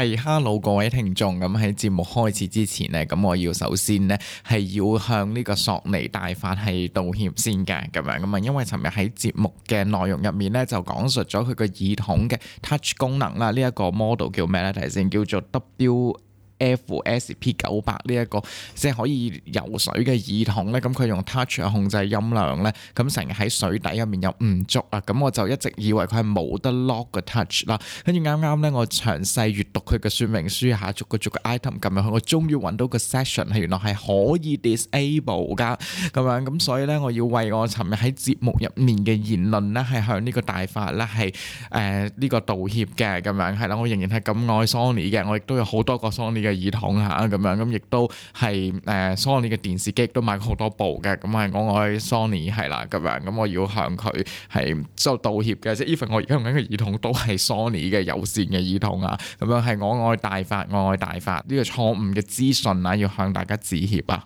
係 Hello 各位聽眾，咁喺節目開始之前呢，咁我要首先呢係要向呢個索尼大法係道歉先噶，咁樣噶嘛，因為尋日喺節目嘅內容入面呢，就講述咗佢個耳筒嘅 Touch 功能啦，呢、這、一個 model 叫咩呢？睇先，叫做 W。FSP 九百呢一個即係可以游水嘅耳筒咧，咁佢用 touch 控制音量咧，咁成日喺水底入面又唔足啊，咁我就一直以為佢係冇得 lock 嘅 touch 啦。跟住啱啱咧，我詳細閱讀佢嘅說明書嚇，逐個逐個 item 咁樣去，我終於揾到個 session 係原來係可以 disable 㗎，咁樣，咁所以咧，我要為我尋日喺節目入面嘅言論咧，係向呢個大法啦，係誒呢個道歉嘅咁樣係啦，我仍然係咁愛 Sony 嘅，我亦都有好多個 Sony 嘅。嘅耳筒吓咁樣，咁亦都係誒、呃、Sony 嘅電視機都買過好多部嘅，咁係我愛 Sony 係啦，咁樣，咁我要向佢係做道歉嘅，即 even 我而家用緊嘅耳筒都係 Sony 嘅有線嘅耳筒啊，咁樣係我愛大發，我愛大發呢個錯誤嘅資訊啊，要向大家致歉啊。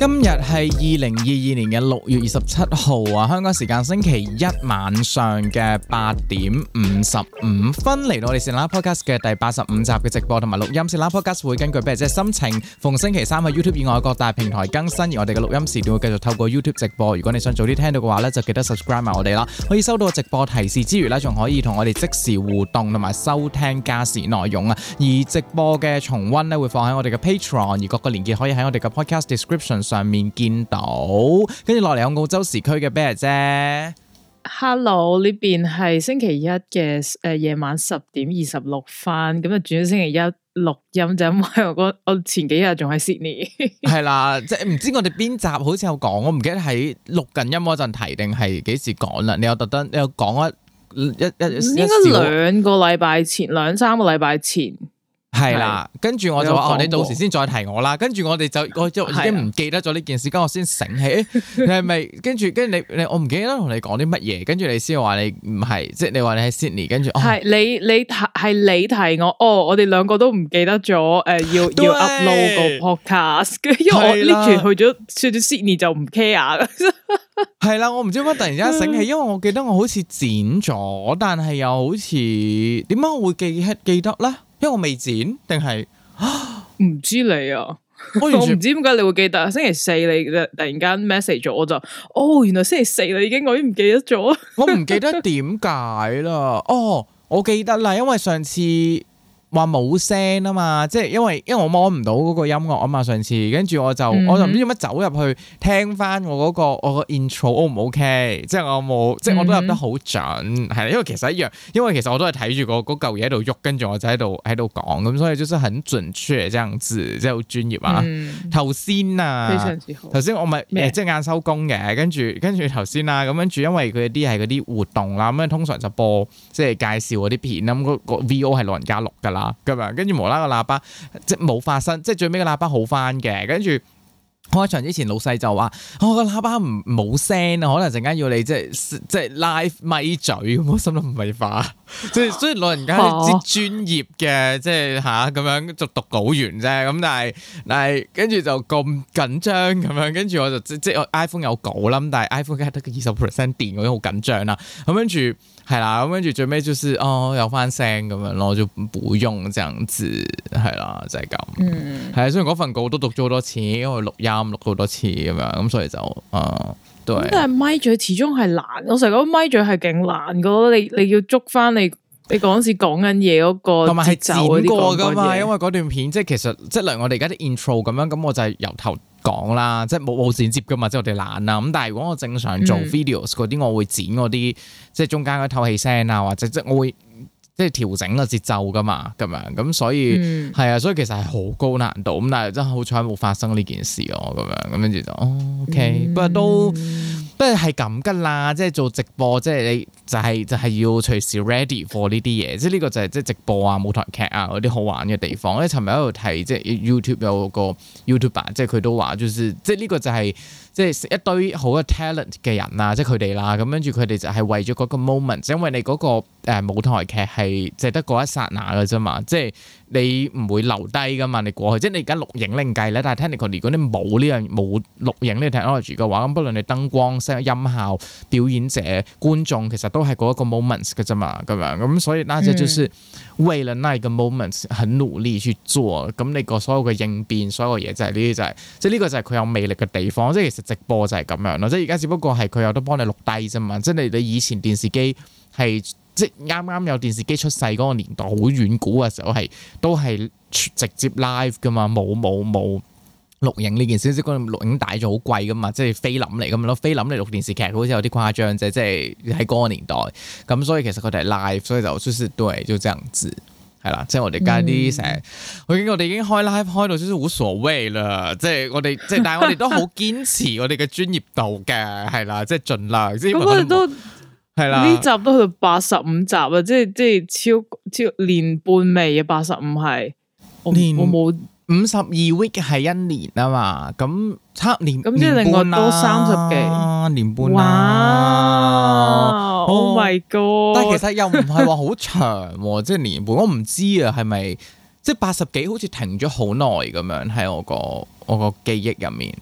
今日係二零二二年嘅六月二十七號啊，香港時間星期一晚上嘅八點五十五分嚟到我哋《Whatever Podcast》嘅第八十五集嘅直播同埋錄音。《Whatever Podcast》會根據，譬如即係心情，逢星期三喺 YouTube 以外各大平台更新，而我哋嘅錄音時段會繼續透過 YouTube 直播。如果你想早啲聽到嘅話呢，就記得 subscribe 埋我哋啦，可以收到直播提示之餘呢，仲可以同我哋即時互動同埋收聽加時內容啊。而直播嘅重溫呢，會放喺我哋嘅 Patreon，而各個連結可以喺我哋嘅 Podcast description。上面見到，跟住落嚟有澳洲時區嘅咩嘢啫？Hello，呢邊係星期一嘅誒夜晚十點二十六分，咁啊轉咗星期一錄音，就因為我我前幾日仲喺 Sydney。係 啦，即係唔知我哋邊集好似有講，我唔記得喺錄緊音嗰陣提定係幾時講啦。你又特登，你又講一一一應該兩個禮拜前，兩三個禮拜前。係啦，跟住我就話哦，你到時先再提我啦。跟住我哋就我就已經唔記得咗呢件事， 跟、跟我先醒起，你係咪跟住跟住你你我唔記得同你講啲乜嘢。跟住你先話你唔係，即係你話你喺 Sydney。跟住哦，係你你提係你提我哦，我哋兩個都唔記得咗誒、呃，要對要 upload 個 podcast。因為我拎住去咗去到 Sydney 就唔 care 啦，係 啦，我唔知點解突然之間醒起，因為我記得我好似剪咗，但係又好似點解我會記記得咧？因為我未剪，定係唔知你啊？我唔知點解你會記得星期四你突然間 message 咗，我就哦，原來星期四你已經我已經唔記得咗。我唔記得點解啦。哦，我記得啦，因為上次。話冇聲啊嘛，即係因為因為我摸唔到嗰個音樂啊嘛，上次跟住我就、嗯、哼我就唔知做乜走入去聽翻我嗰、那個我個 intro O 唔 OK，即係我冇即係我都入得好準係啦、嗯哼，因為其實一樣，因為其實我都係睇住個嗰嚿嘢喺度喐，跟住我就喺度喺度講咁，所以就真係很準出嚟，咁樣子，即係好專業啊！頭先、嗯、啊，非常之好。頭先我咪麼即係晏收工嘅，跟住跟住頭先啊咁，跟住因為佢啲係嗰啲活動啦，咁通常播就播即係介紹嗰啲片咁嗰、那個 VO 係老人家錄噶啦。咁啊，跟住無啦個喇叭，即係冇發生，即係最尾個喇叭好翻嘅。跟住開場之前老，老細就話：我個喇叭唔冇聲啊，可能陣間要你即係即係拉咪嘴咁。我心諗唔係化，即係雖然老人家係啲專業嘅，即係吓咁樣做讀稿員啫。咁但係但係跟住就咁緊張咁樣，跟住我就即即係 iPhone 有稿啦，咁但係 iPhone 梗係得個二十 percent 電，我已經好緊張啦。咁跟住。係啦，咁跟住最尾就是哦，有翻聲咁樣，然就唔會用這樣子，係啦，就係、是、咁。嗯，係啊，雖然嗰份稿都讀咗好多次，因為錄音錄咗好多次咁樣，咁所以就啊，都、呃、係。但係咪嘴始終係難，我成日覺得咪嘴係勁難噶，你你要捉翻你你嗰時講緊嘢嗰個節奏同埋係走過噶嘛？因為嗰段片即係其實即係例如我哋而家啲 intro 咁樣，咁我就係由頭。講啦，即係冇冇剪接噶嘛，即係我哋懶啦、啊。咁但係如果我正常做 videos 嗰啲，我會剪嗰啲，嗯、即係中間嗰啲透氣聲啊，或者即係我會。即係調整個節奏噶嘛，咁樣咁所以係、嗯、啊，所以其實係好高難度咁，但係真係好彩冇發生呢件事咯、啊，咁樣咁跟住就哦，OK，哦，不過都不過係咁噶啦，即係做直播，即係你就係、是、就係、是、要隨時 ready for 呢啲嘢，即係呢個就係即係直播啊、舞台劇啊嗰啲好玩嘅地方。我尋日喺度睇即係 YouTube 有個 YouTuber，即係佢都話就是即係呢個就係、是。即係一堆好嘅 talent 嘅人啊，即係佢哋啦，咁跟住佢哋就係為咗嗰個 moment，因為你嗰個誒舞台劇係值得嗰一剎那嘅啫嘛，即係。你唔會留低噶嘛？你過去即係你而家錄影另計咧，但係 technical 如果你冇呢樣冇錄影呢個 technology 嘅話，咁不論你燈光、聲音、音效、表演者、觀眾，其實都係嗰一個 moments 嘅啫嘛，咁樣咁所以嗱，就係為了那一個 moments 很努力去做，咁、嗯、你個所有嘅應變，所有嘢就係呢啲就係即係呢個就係佢有魅力嘅地方，即係其實直播就係咁樣咯，即係而家只不過係佢有得幫你錄低啫嘛，即係你你以前電視機。係即係啱啱有電視機出世嗰個年代好遠古嘅時候，係都係直接 live 㗎嘛，冇冇冇錄影呢件事，嗰錄影帶仲好貴㗎嘛，即係菲林嚟咁咯，菲林嚟錄電視劇好似有啲誇張啫，即係喺嗰個年代咁，所以其實佢哋係 live，所以就就是對，就這樣子係啦。即係我哋家啲成、嗯，我已經我哋已經開 live 開到，就是無所謂 啦。即係我哋即係但係我哋都好堅持我哋嘅專業度嘅，係啦，即係盡量，即係我都。 呢集都去八十五集啊，即係即係超超年半未啊，八十五係，我我冇五十二 week 係一年啊嘛，咁七年咁即係另外多三十幾年半，啊、哇、哦，Oh my God！ 但係其實又唔係話好長，啊，即、就、係、是、年半，我唔知啊，係咪即係八十幾，好似停咗好耐咁樣喺我個我個記憶入面。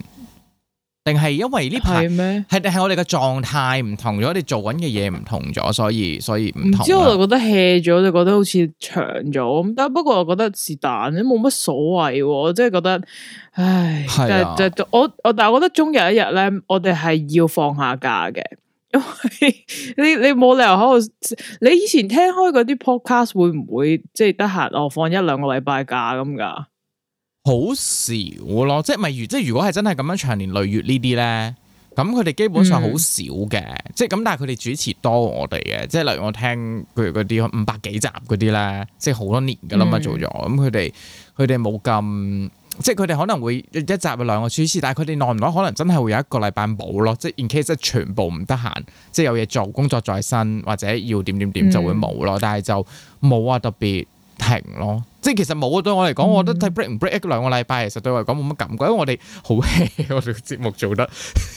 定係因為呢排，咩嗎？係定係我哋嘅狀態唔同咗，你做緊嘅嘢唔同咗，所以所以唔同。之後我就覺得 hea 咗，就覺得好似長咗。咁但不過我覺得是但，你冇乜所謂。我真係覺得，唉，是啊、就我我但係我覺得終有一日咧，我哋係要放下假嘅。因為你你冇理由喺度。你以前聽開嗰啲 podcast 會唔會即係得閒我放一兩個禮拜假咁噶？好少咯，即係咪如即係如果係真係咁樣長年累月呢啲咧，咁佢哋基本上好少嘅，即係咁。但係佢哋主持多過我哋嘅，即係例如我聽佢嗰啲五百幾集嗰啲咧，即係好多年噶啦嘛做咗。咁佢哋佢哋冇咁，即係佢哋可能會一集兩個主持，但係佢哋耐唔耐可能真係會有一個禮拜冇咯，即係 in case 即係全部唔得閒，即係有嘢做工作在身或者要點點點就會冇咯。嗯、但係就冇啊特別。停咯，即係其實冇對我嚟講，嗯、我覺得睇 break 唔 break 一兩個禮拜，其實對我嚟講冇乜感覺，因為我哋好 hea，我哋節目做得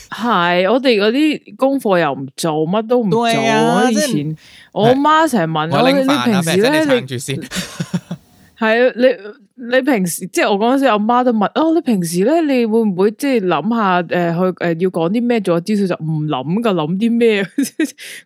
係，我哋嗰啲功課又唔做，乜都唔做，啊、以前我媽成日問是我，啊、我，你平時咧你撐住先你。 係啊，你你平時即係我嗰陣時，阿媽，媽都問哦，你平時咧，你會唔會即係諗下誒，去、呃、誒、呃呃、要講啲咩做資訊就唔諗噶，諗啲咩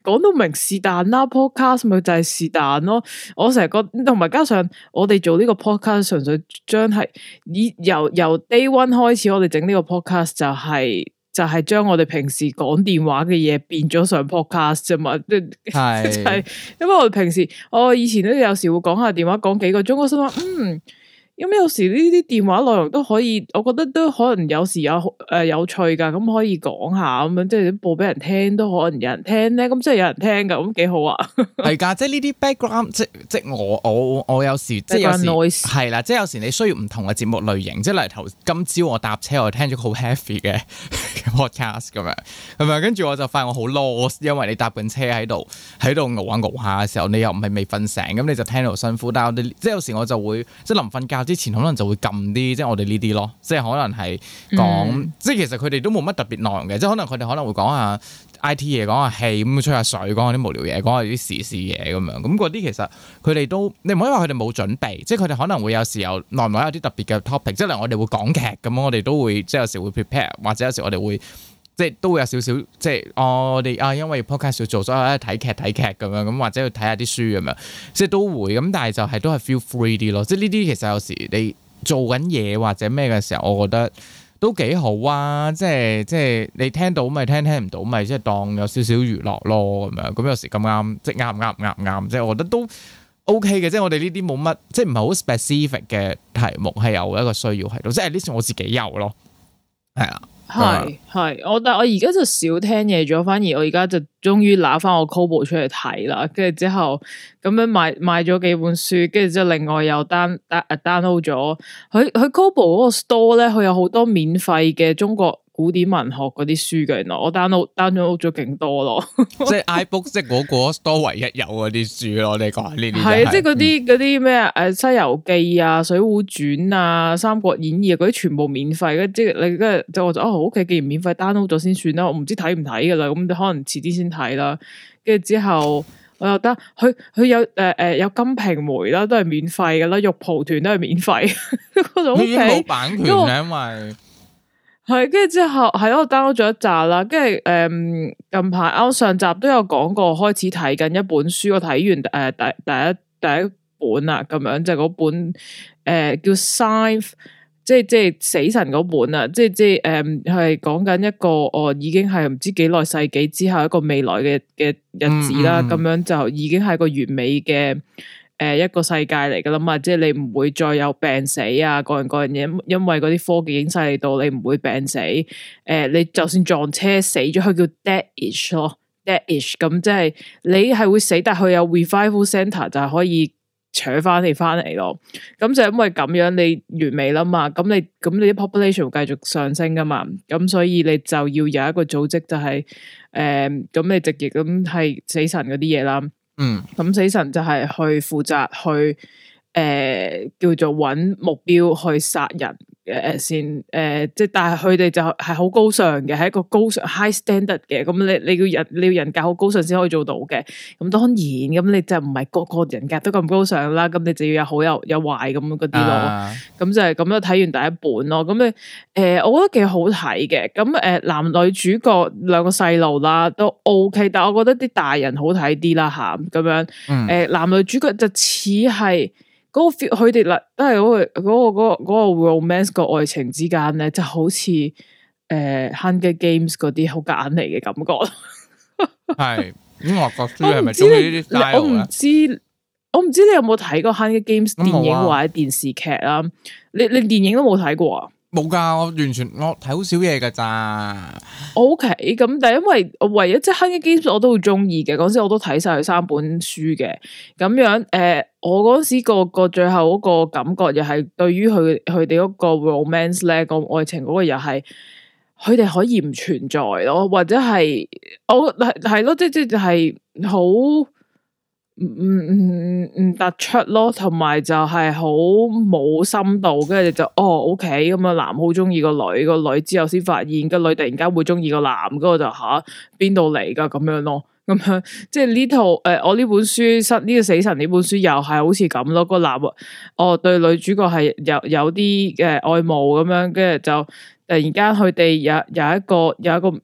講到明是但啦，Podcast 咪就係是但咯。我成日覺，同埋加上我哋做呢個 Podcast，純粹將係以由由 Day One 開始，我哋整呢個 Podcast 就係、是。就係將我哋平時講電話嘅嘢變咗上 podcast 啫嘛，係是， 因為我平時我、哦、以前都有時會講下電話講幾個鐘，我心話嗯。有咩、嗯，有時呢啲電話內容都可以，我覺得都可能有時有誒、呃、有趣噶，咁、嗯、可以講下咁樣、嗯，即係播俾人聽都可能有人聽咧，咁、嗯、即係有人聽噶，咁、嗯、幾好啊。係 噶，即係呢啲 background，即即我我我有時即係係景啦，即係有時你需要唔同嘅節目類型，即係例如頭今朝我搭車我聽咗好 heavy 嘅 podcast 咁樣，咁啊跟住我就發現我好 lost，因為你搭緊車喺度喺度熬下熬下嘅時候，你又唔係未瞓醒，咁你就聽到辛苦。但係我哋即係有時我就會即係臨瞓覺。之前可能就會撳啲，即係我哋呢啲咯，即係可能係講、mm hmm.，即係其實佢哋都冇乜特別內容嘅，即係可能佢哋可能會講下 I.T 嘢，講下戲咁吹下水，講下啲無聊嘢，講下啲時事嘢咁樣，咁嗰啲其實佢哋都你唔可以話佢哋冇準備，即係佢哋可能會有時候耐唔耐有啲特別嘅 topic，即係例如我哋會講劇咁樣，我哋都會即係有時會 prepare，或者有時我哋會。即係都會有少少，即係我哋啊，因為 podcast 要做，所以睇劇睇劇咁樣咁，或者要睇下啲書咁樣，即係都會咁。但係就係都係 feel free 啲咯。即係呢啲其實有時你做緊嘢或者咩嘅時候，我覺得都幾好啊。即係即係你聽到咪聽，聽唔到咪即係當有少少娛樂咯咁樣。咁有時咁啱，即係啱啱啱啱，即係我覺得都 OK 嘅。即係我哋呢啲冇乜，即係唔係好 specific 嘅題目係有一個需要喺度，即係呢啲我自己有咯。係啊。係係，我但係我而家就少聽嘢咗，反而我而家就終於拿翻我 Kobo 出嚟睇啦。跟住之後咁樣買買咗幾本書，跟住之後另外又 down down download 咗佢佢 Kobo 嗰個 store 咧，佢有好多免費嘅中國。古典文學嗰啲書嘅，原來我 download、嗯、download 咗勁多咯，即係 iBook 即係嗰個多唯一有嗰啲書咯，我哋講下呢啲係啊，即係嗰啲啲咩誒《西遊記》啊，《水滸傳》啊，《三國演義》嗰啲全部免費，跟住即係你跟住即係我就哦，O K，既然免費 download 咗先算啦，我唔知睇唔睇噶啦，咁你可能遲啲先睇啦。跟住之後我又得佢佢有誒誒有呃、有《金瓶梅》啦，都係免費噶啦，《玉蒲團》都係免費。已經冇版權咧，因為後。後係，跟住之後係咯，download 咗一集啦。跟、嗯、住，誒，近排我上集都有講過，開始睇緊一本書，我睇完誒第、呃、第一第一本啦，咁樣就嗰、是、本誒、呃、叫《Scythe》，即係即係死神嗰本啊，即係即係誒係講緊一個我、哦、已經係唔知幾耐世紀之後一個未來嘅嘅日子啦，咁、嗯嗯、樣就已經係一個完美嘅。誒，一個世界嚟噶啦嘛，即係你唔會再有病死啊，各樣各樣嘢，因為嗰啲科技影晒嚟到，你唔會病死。誒、呃，你就算撞車死咗，佢叫 deadish 咯，deadish。咁 de、嗯、即係你係會死，但係佢有 revival center 就係可以扯翻你翻嚟咯。咁、嗯、就因為咁樣，你完美啦嘛。咁、嗯、你咁你啲 population 會繼續上升噶嘛。咁、嗯、所以你就要有一個組織、就是，就係誒，咁、嗯、你直接咁係死神嗰啲嘢啦。嗯，咁死神就係去負責去。誒、呃，叫做揾目標去殺人誒、呃，先誒，即、呃、係但係佢哋就係好高尚嘅，係一個高尚 high standard 嘅。咁你你要人你要人格好高尚先可以做到嘅。咁當然，咁你就唔係個個人格都咁高尚啦。咁你就要有好有有壞咁嗰啲咯。咁、啊、就係咁咯。睇完第一本咯。咁你誒、呃，我覺得幾好睇嘅。咁誒、呃，男女主角兩個細路啦都 OK，但係我覺得啲大人好睇啲啦吓咁樣。誒、嗯呃，男女主角就似係。嗰、那個佢哋啦都係嗰、那個嗰、那個嗰、那個、那個 romance 個愛情之間咧，就好似誒、呃《Hunger Games》嗰啲好夾硬嚟嘅感覺。係 咁，外國書係咪中意呢啲我唔知，我唔知你有冇睇過《Hunger Games》電影、啊、或者電視劇啊？你你電影都冇睇過啊？冇噶，我完全我睇好少嘢噶咋。 OK，咁但係因為我唯一即係《Hunger Games》，我都好中意嘅。嗰時我都睇晒佢三本書嘅，咁樣誒。呃我嗰時個個最後嗰個感覺又係對於佢佢哋嗰個 romance 咧，個愛情嗰個又係佢哋可以唔存在咯，或者係我係係咯，即係即係係好唔唔唔唔突出咯，同埋就係好冇深度，跟住就哦，OK 咁啊，男好中意個女，個女之後先發現個女突然間會中意個男，嗰個就吓邊度嚟噶咁樣咯。咁樣，即係呢套誒、呃，我呢本書失呢、呢個死神呢本書又係好似咁咯，個男啊，哦對女主角係有有啲嘅、呃、愛慕咁樣，跟住就突然間佢哋有有一個有一個誒，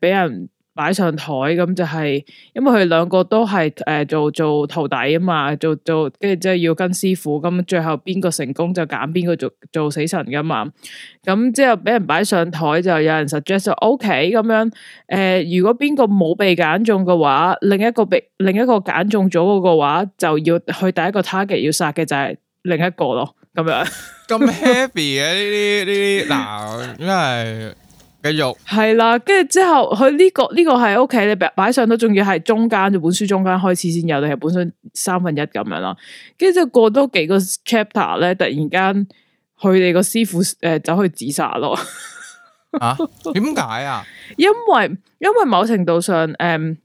俾、呃、人。擺上台咁就係，因為佢兩個都係誒做做徒弟啊嘛，做做跟住即係要跟師傅，咁最後邊個成功就揀邊個做做死神噶嘛，咁之後俾人擺上台就有人 suggest 就 OK 咁樣，誒如果邊個冇被揀中嘅話，另一個被另一個揀中咗嗰個話，就要去第一個 target 要殺嘅就係另一個咯，咁樣咁 heavy 嘅呢啲呢啲，嗱因為。繼續係啦，跟住之後佢、呢、呢個呢、呢個係屋企你擺上都，仲要係中間就本書中間開始先有，你係本身三分一咁樣啦。跟住過多幾個 chapter 咧，突然間佢哋個師傅誒走、呃、去自殺咯。啊？點解啊？因為因為某程度上誒。呃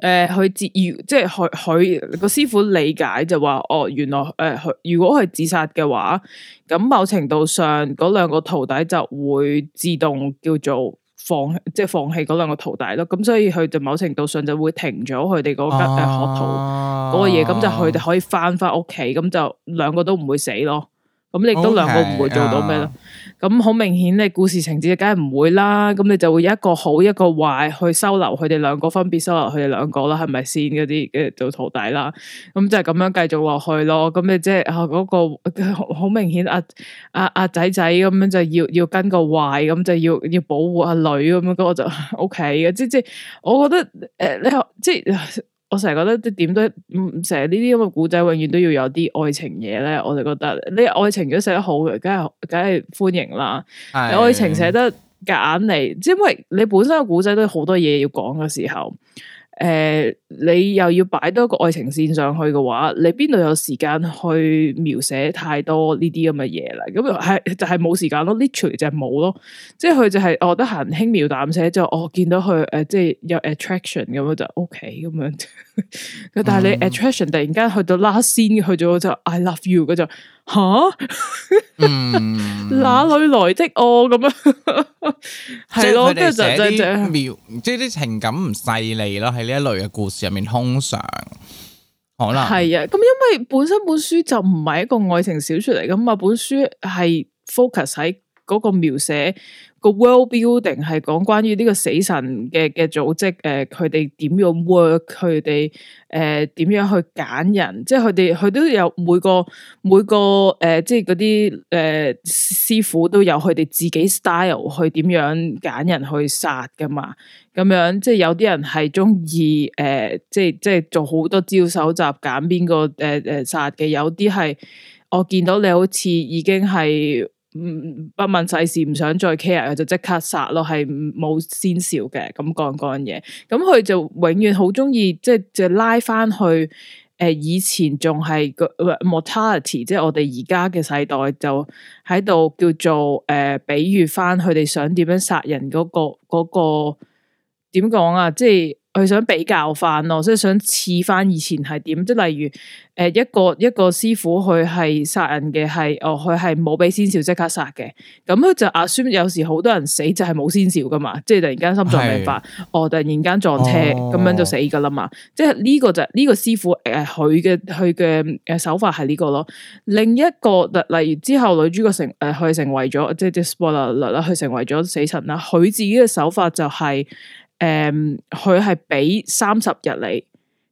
誒，佢、呃、自要即係佢佢個師傅理解就話哦，原來誒、呃，如果佢自殺嘅話，咁某程度上嗰兩個徒弟就會自動叫做放，即係放棄嗰兩個徒弟咯。咁所以佢就某程度上就會停咗佢哋嗰間學徒嗰個嘢，咁就佢哋可以翻翻屋企，咁就兩個都唔會死咯。咁亦都兩個唔會做到咩咯。啊啊咁好、嗯、明顯，你故事情節梗係唔會啦，咁、嗯、你就會一個好一個壞去收留佢哋兩個，分別收留佢哋兩個啦，係咪先？嗰啲嘅做徒弟啦，咁、嗯、就咁、係、樣繼續落去咯。咁你即係嗰個好、嗯嗯、明顯啊啊啊，阿仔仔咁樣就要要跟個壞，咁就要要保護阿女咁樣，咁我就、嗯、呵呵 OK 嘅。即即我覺得誒、呃，你即。我成日覺得即點都唔唔成日呢啲咁嘅古仔，嗯、永遠都要有啲愛情嘢咧。我就覺得，你愛情如果寫得好，梗係梗係歡迎啦。的愛情寫得夾硬嚟，即因為你本身個古仔都有好多嘢要講嘅時候。誒、呃，你又要擺多個愛情線上去嘅話，你邊度有時間去描寫太多呢啲咁嘅嘢啦？咁係就係冇時間咯，literally 就係冇咯。即係佢就係、是、我得閒輕描淡寫，就是、我見到佢誒、呃，即係有 attraction 咁樣就 OK 咁樣。 但係你 attraction 突然間去到拉先，去咗就 I love you 嗰就。吓，嗯，哪裡來的我咁樣？係咯，即係寫啲描，即係啲情感唔細膩咯。喺呢一類嘅故事入面，通常可能係啊。咁因為本身本書就唔係一個愛情小說嚟噶嘛，本書係 focus 喺嗰個描寫。個 world building 係講關於呢個死神嘅嘅組織，誒、呃，佢哋點樣 work，佢哋誒點樣去揀人，即係佢哋佢都有每個每個誒、呃，即係嗰啲誒師傅都有佢哋自己 style 去點樣揀人去殺㗎嘛，咁樣即係有啲人係中意誒，即係、呃、即係做好多招手集揀邊個誒誒殺嘅，有啲係我見到你好似已經係。唔不問世事，唔想再 care，佢就即刻殺咯，係冇先兆嘅咁講嗰嘢。咁佢就永遠好中意，即係即拉翻去誒、呃，以前仲係個、呃、mortality，即係我哋而家嘅世代就喺度叫做誒、呃，比喻翻佢哋想點樣殺人嗰個嗰個點講啊，即係。佢想比較翻咯，所以想似翻以前係點，即係例如誒一個一個師傅，佢係殺人嘅，係哦佢係冇俾先兆即刻殺嘅，咁佢就阿孫有時好多人死就係冇先兆噶嘛，即、就、係、是、突然間心臟病發，是哦突然間撞車咁、哦、樣就死噶啦嘛，即係呢個就呢、這個師傅誒佢嘅佢嘅誒手法係呢個咯，另一個例如之後女主角成誒佢、呃、成為咗即係 spoiler 啦，佢、就是就是呃、成為咗死神啦，佢自己嘅手法就係、是。誒，佢係俾三十日你，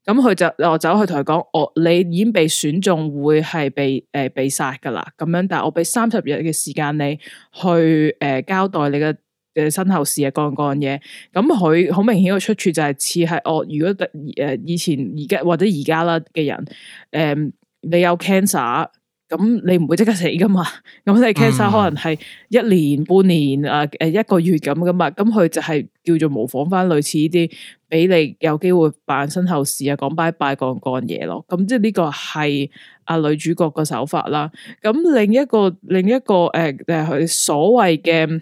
咁佢就落走去同佢講，我、哦、你已經被選中會被，會、呃、係被誒被殺㗎喇，咁樣，但我俾三十日嘅時間你去誒、呃、交代你嘅身後事啊，乾唔乾嘢？咁佢好明顯個出處就係似係我如果誒、呃、以前而家或者而家啦嘅人，誒、嗯、你有 cancer。咁你唔會即刻死噶嘛？咁你 cancer 可能係一年半年啊，誒一個月咁噶嘛？咁佢就係叫做模仿翻類似啲，俾你有機會辦身後事啊，講拜拜嗰樣嘢咯。咁即係呢個係啊女主角個手法啦。咁另一個另一個誒誒，佢所謂嘅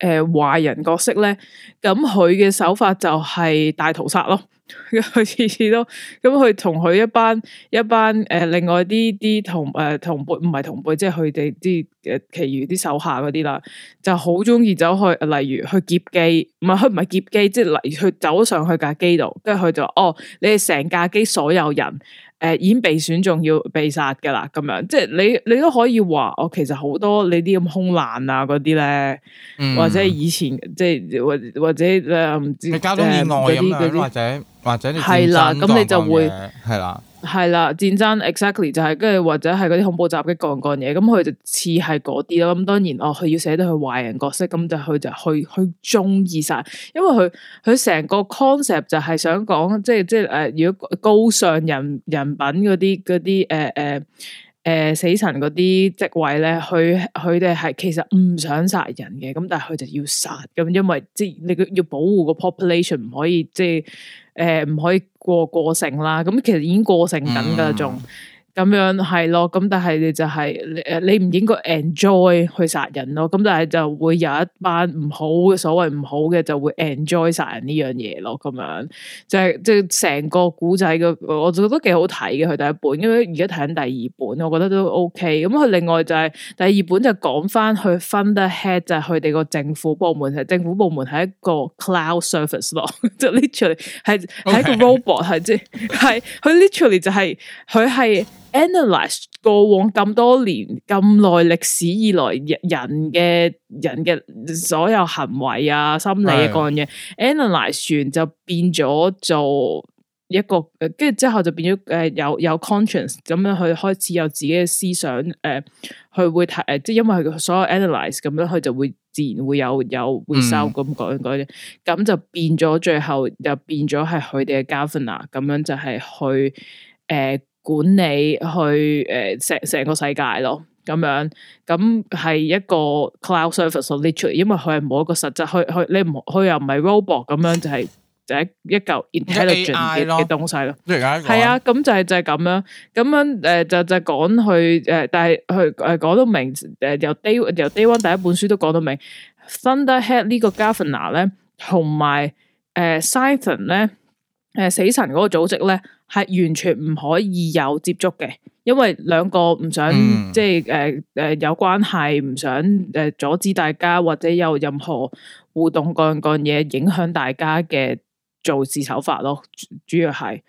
誒壞人角色咧，咁佢嘅手法就係大屠殺咯。佢次 次都咁，佢同佢一班一班誒、呃，另外啲啲同誒、呃、同輩唔係同輩，即係佢哋啲誒其餘啲手下嗰啲啦，就好中意走去，例如去劫機，唔係佢唔係劫機，即係例如去走上去架機度，跟住佢就話哦，你哋成架機所有人。誒、呃，已經被選中要被殺嘅啦，咁樣，即係你你都可以話，我其實好多你啲咁空難啊，嗰啲咧，嗯、或者以前即係或或者你唔知，你家中意外咁或者、呃、或者你係啦，咁你就會係啦。係啦，戰爭 exactly 就係跟住或者係嗰啲恐怖襲擊幹干嘢，咁佢就似係嗰啲咯。咁當然，哦，佢要寫得佢壞人角色，咁就佢就去去中意殺，因為佢佢成個 concept 就係想講，即係即係誒、呃，如果高尚人人品嗰啲嗰啲誒誒誒死神嗰啲職位咧，佢佢哋係其實唔想殺人嘅，咁但係佢就要殺，咁因為即係你要保護個 population 唔可以即係誒唔可以過過剩啦，咁其實已經過剩緊㗎仲。咁樣係咯，咁但係你就係誒，你唔應該 enjoy 去殺人咯，咁但係就會有一班唔好嘅，所謂唔好嘅，就會 enjoy 殺人呢樣嘢咯，咁樣就係即係成個古仔嘅，我就覺得幾好睇嘅佢第一本，因為而家睇緊第二本，我覺得都 OK。咁佢另外就係第二本就講翻去 Thunderhead，就係佢哋個政府部門係政府部門係一個 cloud service 咯，即係 literally 係一個 robot，係即係佢 literally 就係佢係。analyze 過往咁多年咁耐歷史以來人嘅人嘅所有行為啊心理、各樣嘢對 analyze 完就變咗做一個，跟住之後就變咗誒、呃、有有 conscience 咁樣去開始有自己嘅思想誒佢、呃、會睇誒、呃、即係因為佢所有 analyze 咁樣佢就會自然會有有會收咁講應，咁就變咗最後又變咗係佢哋嘅 governor 咁樣就係去誒。呃管理去誒成成個世界咯，咁樣咁係一個 cloud service literally，因為佢係冇一個實質，佢佢你唔佢又唔係 robot 咁樣，就係、是、就一一嚿 intelligent 嘅東西咯。係啊，咁就係、是、就係、是、咁樣，咁樣誒、呃、就就講去誒，但係去誒講到明誒由 day 由 day one 第一本書都講到明，Thunderhead 呢個 governor 咧，同埋誒 Scythe 咧，誒、呃呃、死神嗰個組織咧。係完全唔可以有接觸嘅，因為兩個唔想、嗯、即係誒誒有關係，唔想誒阻止大家或者有任何互動各樣各樣嘢影響大家嘅做事手法咯，主要係。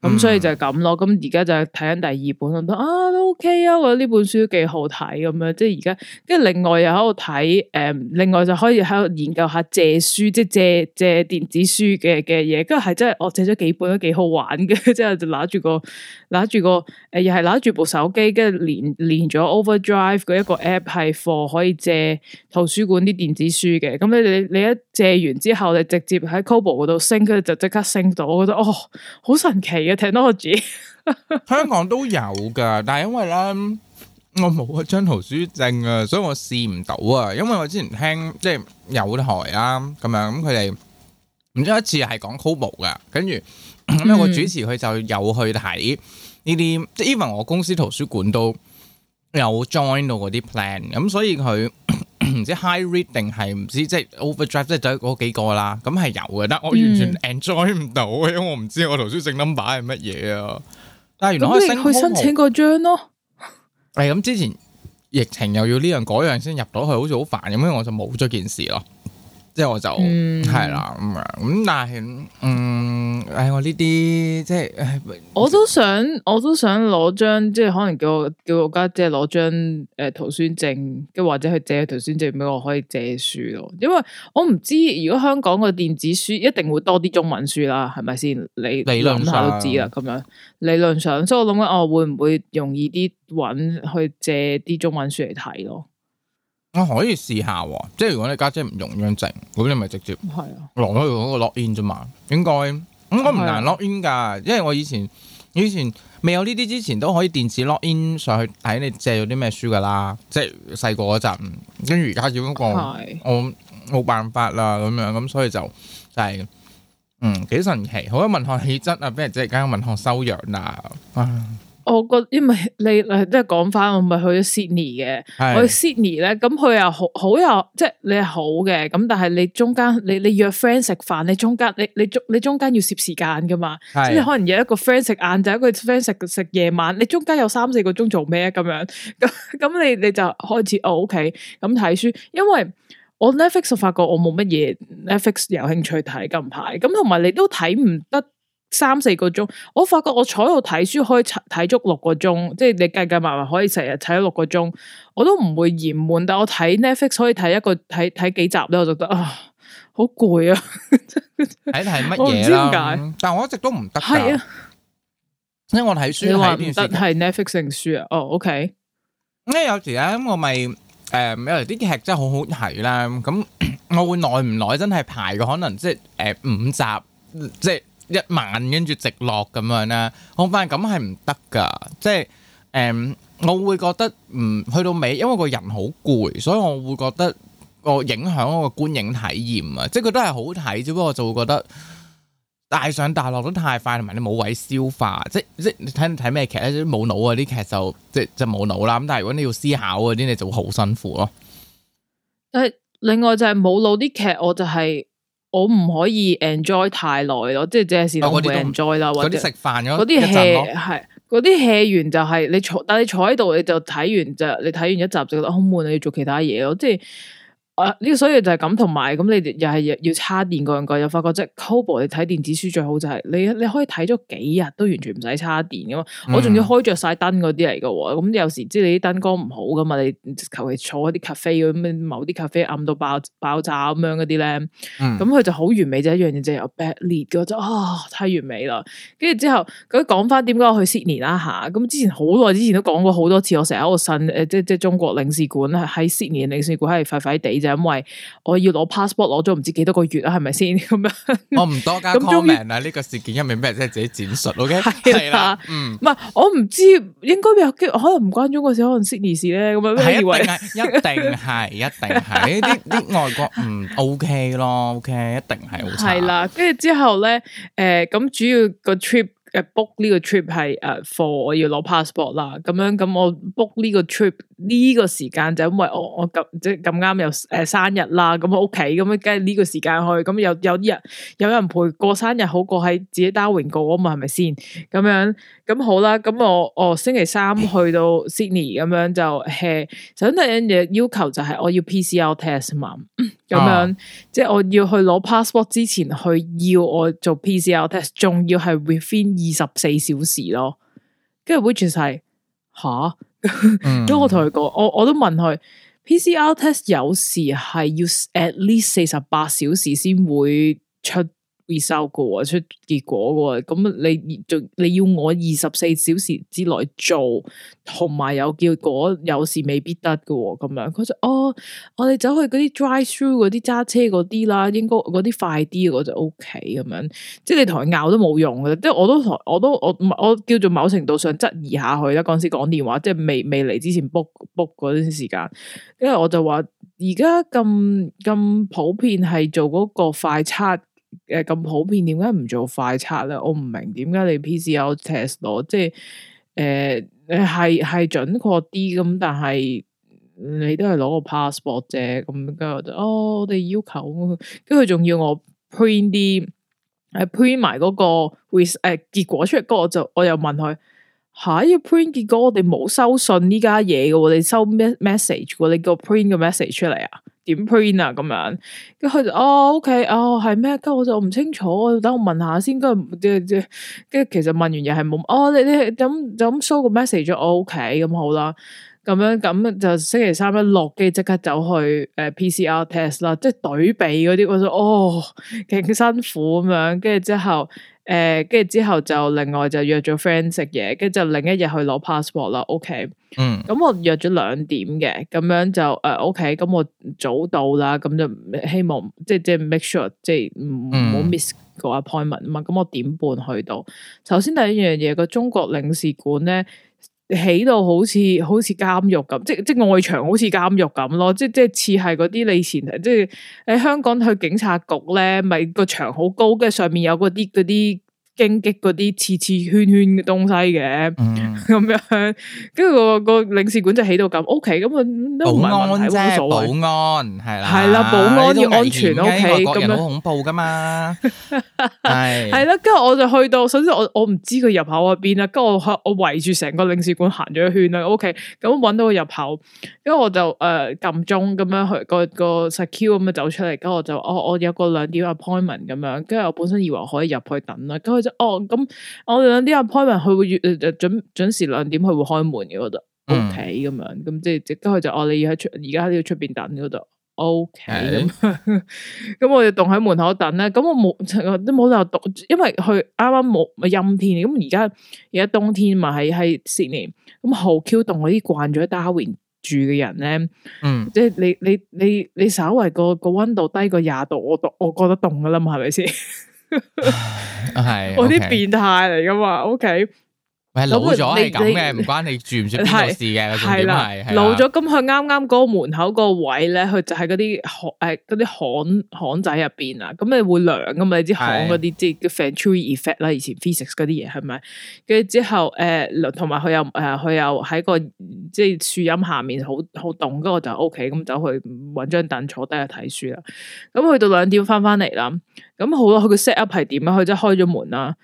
咁、嗯、所以就係咁咯，咁而家就睇緊第二本，覺得啊都 OK 啊，我覺得呢本書都幾好睇咁樣，即係而家跟住另外又喺度睇，誒、嗯，另外就可以喺度研究下借書，即係借借電子書嘅嘅嘢，跟住係真係我、哦、借咗幾本都幾好玩嘅，即 係就拿住個拿住個誒、啊，又係拿住部手機，跟住連連咗 OverDrive 嗰一個 app 係 for 可以借圖書館啲電子書嘅，咁你你你一借完之後，你直接喺 Kobo 度升，跟住就即刻升到，我覺得哦好神奇。technology，香港都有噶，但係因為咧，我冇張圖書證啊，所以我試唔到啊。因為我之前聽，即係有台啊咁樣，咁佢哋唔知一次係講 Cobo 噶，跟住咁樣我主持佢就有去睇呢啲，嗯、即係因為我公司圖書館都有 join 到嗰啲 plan，咁所以佢。咳咳唔知 high read 定係唔知即係 overdrive，即係就嗰幾個啦，咁係有嘅。但我完全 enjoy 唔到，嗯、因為我唔知我讀書整 number 係乜嘢啊。但係原來可以去申請個章咯。係咁、嗯，之前疫情又要呢樣嗰樣先入到去，好似好煩咁，所以我就冇咗件事咯。即係我就係啦咁樣，咁、嗯、但係，嗯，哎就是、唉，我呢啲即係，我都想，我都想攞張，即係可能叫我叫我家姐攞張誒圖書證，跟或者去借圖書證俾我，我可以借書咯。因為我唔知如果香港個電子書一定會多啲中文書啦，係咪先？理你諗下都知啦，咁樣理論上，所以我諗緊，我、哦、會唔會容易啲搵去借啲中文書嚟睇咯？我可以試下、哦，即係如果你家姐唔用樣證，咁你咪直接落去嗰個 login 啫嘛，應該應該唔難 login 噶，因為我以前以前未有呢啲之前都可以電子 login 上去睇你借咗啲咩書噶啦，即係細個、嗯那個嗰陣，跟住而家要如果我冇辦法啦咁樣，咁所以就就係、是、嗯幾神奇，好多文學氣質啊，俾人即係講文學修養嗱啊。我覺，因為你你即係講翻，我咪去咗 Sydney 嘅。是的 我去 Sydney 咧，咁佢又好好有，即係你係好嘅。咁但係你中間，你你約 friend 食飯，你中間，你你中你中間要攝時間噶嘛？是的 即係可能有一個 friend 食晏，就一個 friend 食食夜晚。你中間有三四個鐘做咩咁樣？咁咁你你就開始，我、哦、OK 咁睇書。因為我 Netflix 發覺我冇乜嘢 Netflix 有興趣睇近排。咁同埋你都睇唔得。三四個鐘，我發覺我坐喺度睇書可以睇足六個鐘，即係你計計埋埋可以成日睇咗六個鐘，我都唔會嫌悶。但我睇 Netflix 可以睇一個睇睇幾集咧，我就覺得啊好攰啊，睇睇乜嘢點解？ 但係我一直都唔得，係啊，因為我睇書睇唔得，係 Netflix 定書啊？哦、oh，OK，咁有時咧，咁我咪誒、呃，有時啲劇真係好好睇啦。咁我會耐唔耐真係排個可能即係誒、呃、五集即係。一晚跟住直落咁樣咧，我發現咁係唔得噶。即係誒、嗯，我會覺得嗯去到尾，因為個人好攰，所以我會覺得我影響嗰個觀影體驗啊。即係佢都係好睇，只不過就會覺得大上大落都太快，同埋你冇位消化。即係即係你睇睇咩劇咧，冇腦啊啲劇就即即冇腦啦。咁但係如果你要思考嗰啲，你就會好辛苦咯。誒，另外就係冇腦啲劇，我就係、是。我唔可以 enjoy 太耐咯，即係只係適當 enjoy 啦，哦、飯或者食飯嗰啲，係啲 hea 係，嗰啲 hea 完就係、是、你坐，但係坐喺度你就睇完就，你睇完一集就覺得好悶，你要做其他嘢咯，即係。呢呢、啊、所以就係咁，同埋咁你又係要要插電嗰樣嘢，又發覺即係 Kobo 你睇電子書最好就係你你可以睇咗幾日都完全唔使插電嘅嘛，我仲要開着晒燈嗰啲嚟嘅喎，咁、嗯、有時知你啲燈光唔好嘅嘛，你求其坐一啲咖啡咁，某啲咖啡暗到爆爆炸咁樣嗰啲咧，咁、嗯、佢就好完美就一樣嘢就有 backlit 嘅就啊太完美啦！跟住之後佢講翻點解我去 Sydney 啦吓，咁之前好耐之前都講過好多次，我成日喺個新誒即係即係中國領事館喺 Sydney 領事館，係快快哋因為我要攞 passport 攞咗唔知幾多個月是是 多啊，係咪先咁樣？我唔多加 comment 啊！呢個事件因為咩？即係自己展述，OK 係啦的。的嗯，唔係我唔知，應該可能唔關中國事，可能悉尼事咧。咁樣咩以為？一定係，一定係呢啲啲外國，唔 OK 咯，OK，一定係好差。係啦，跟住之後咧，誒、呃，咁主要個 trip。book 呢個 trip 係誒，for 我要攞 passport 啦，咁樣咁我 book 呢個 trip 呢、呢個時間就因為我我咁即係咁啱又誒生日啦，咁我屋企咁樣梗係呢個時間去，咁有有啲人有人陪過生日好過喺自己單人過啊嘛，係咪先？咁樣咁好啦，咁我我星期三去到 Sydney 咁樣就 h 想 a t 首先第一嘢，要求就係我要 PCR test 嘛，咁樣、啊、即係我要去攞 passport 之前去要我做 PCR test，仲要係 within 二十四小時咯，就是 mm. 跟住 which 就係嚇，因為我同佢講，我我都問佢 PCR test 有時係要 at least 四十八小時先會出。會收嘅喎，出結果嘅喎，咁你仲你要我二十四小時之內做，同埋有叫嗰有時未必得嘅喎，咁樣佢就哦，我哋走去嗰啲 drive through 嗰啲揸車嗰啲啦，應該嗰啲快啲，我就 O K 咁樣，即係你同佢拗都冇用嘅，即係我都同我都我我叫做某程度上質疑下佢啦。嗰時講電話，即係未未嚟之前 book book 嗰啲時間，因為我就話而家咁咁普遍係做嗰個快測。誒，咁普遍點解唔做快測咧？我唔明點解你 PCR test 攞，即係誒誒係係準確啲，咁但係你都係攞個 passport 啫，咁跟我哦，我哋要求，跟佢仲要我 print 啲，誒、啊、print 埋嗰個 result 誒、啊、結果出嚟，我就我又問佢。吓要 print，結果我哋冇收信呢家嘢嘅，你收咩 message，你叫 print 個 message 出嚟啊？點 print 啊？咁樣，跟佢就哦，OK，哦係咩？跟我就唔清楚，等我問下先。跟住，跟住，其實問完嘢係冇，哦你你咁咁收個 message，OK，哦 okay，咁好啦。咁樣，咁就星期三一落機即刻走去誒 PCR test 啦，即係對比嗰啲，我就哦勁辛苦咁樣。跟住之後誒，跟住之後就另外就約咗 friend 食嘢，跟住就另一日去攞 passport 啦。OK，嗯，咁我約咗兩點嘅，咁樣就誒 OK，咁我早到啦，咁就希望即係即係 make sure 即係唔好 miss 個 appointment 啊嘛。咁我點半去到，首先第一樣嘢個中國領事館咧。起到好似好似監獄咁，即即外牆好似監獄咁咯，即即似係嗰啲你前，即喺香港去警察局咧，咪個牆好高，跟上面有啲嗰啲。荊棘嗰啲刺刺圈圈嘅東西嘅，咁、嗯、樣，跟住個個領事館就起到咁，O K，咁啊都唔安啫，保安係啦，係啦、啊，保安要安全屋企，咁樣，OK，恐怖噶嘛，係係啦，跟住我就去到，首先我我唔知佢入口喺邊啦，跟住我我圍住成個領事館行咗一圈啦，O K，咁揾到個入口，跟住我就誒撳鐘咁樣去、嗰個、嗰個 secure 咁樣走出嚟，跟住我就我、哦、我有個兩點 appointment 咁樣，跟住我本身以為可以入去等啦，跟哦，咁我哋有啲 appointment，佢會約就準準時兩點，佢會開門嘅，我覺得 OK 咁、嗯、樣。咁即係即刻佢就哦，你要喺出而家要出邊等，我覺得 OK。咁我哋凍喺門口等咧，咁我冇都冇理由凍，因為佢啱啱冇陰天，咁而家而家冬天咪係係濕嘅。咁好 Q 凍嗰啲慣咗喺 Darwin 住嘅人咧，嗯，即係你你你你稍微個個溫度低過廿度，我凍我覺得凍噶啦嘛，係咪先？是我啲變態嚟㗎嘛？OK。係老咗係咁嘅，唔關你住唔住是事嘅嗰種係。的的老咗，咁佢啱啱嗰個門口個位咧，佢就喺嗰啲巷，誒啲巷巷仔入邊啊。咁你會涼噶嘛？你知巷嗰啲即係個 venturi effect 啦，以前 physics 嗰啲嘢係咪？跟住之後，誒同埋佢又誒，佢又喺個即係樹蔭下面，好好凍。咁我就 O K，咁走去搵張凳坐低去睇書啦。咁去到兩點翻翻嚟啦。咁好啦，佢個 set up 係點啊？佢即係開咗門啦。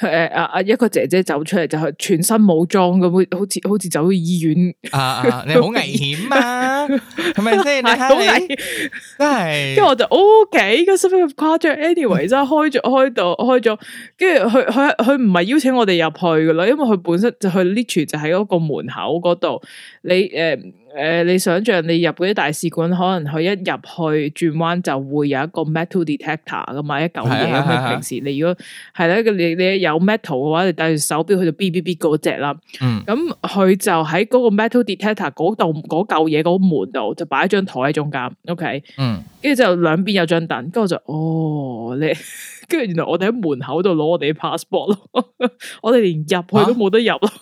誒啊啊！一個姐姐走出嚟就係全身冇裝咁，好似好似走去醫院。啊你好危險啊！係咪先？你好危險真係是。跟住我就 O K，咁所以咁誇張。Anyway，真係開咗開到開咗，跟住佢佢佢唔係邀請我哋入去㗎喇，因為佢本身就去呢處就喺嗰個門口嗰度。你誒。呃誒、呃，你想象你入嗰啲大使館，可能佢一入去轉彎就會有一個 metal detector 噶嘛，一嚿嘢。是啊、是是平時你如果係咧、啊啊，你你有 metal 嘅話，你帶住手表去到嗶嗶嗶嗰隻啦。嗯，咁佢就喺嗰個 metal detector 嗰度，嗰嚿嘢嗰門度就擺張台喺中間。OK，跟住就兩邊有張凳，跟住就哦，你跟住原來我哋喺門口度攞我哋 passport 咯，我哋連入去都冇得入咯。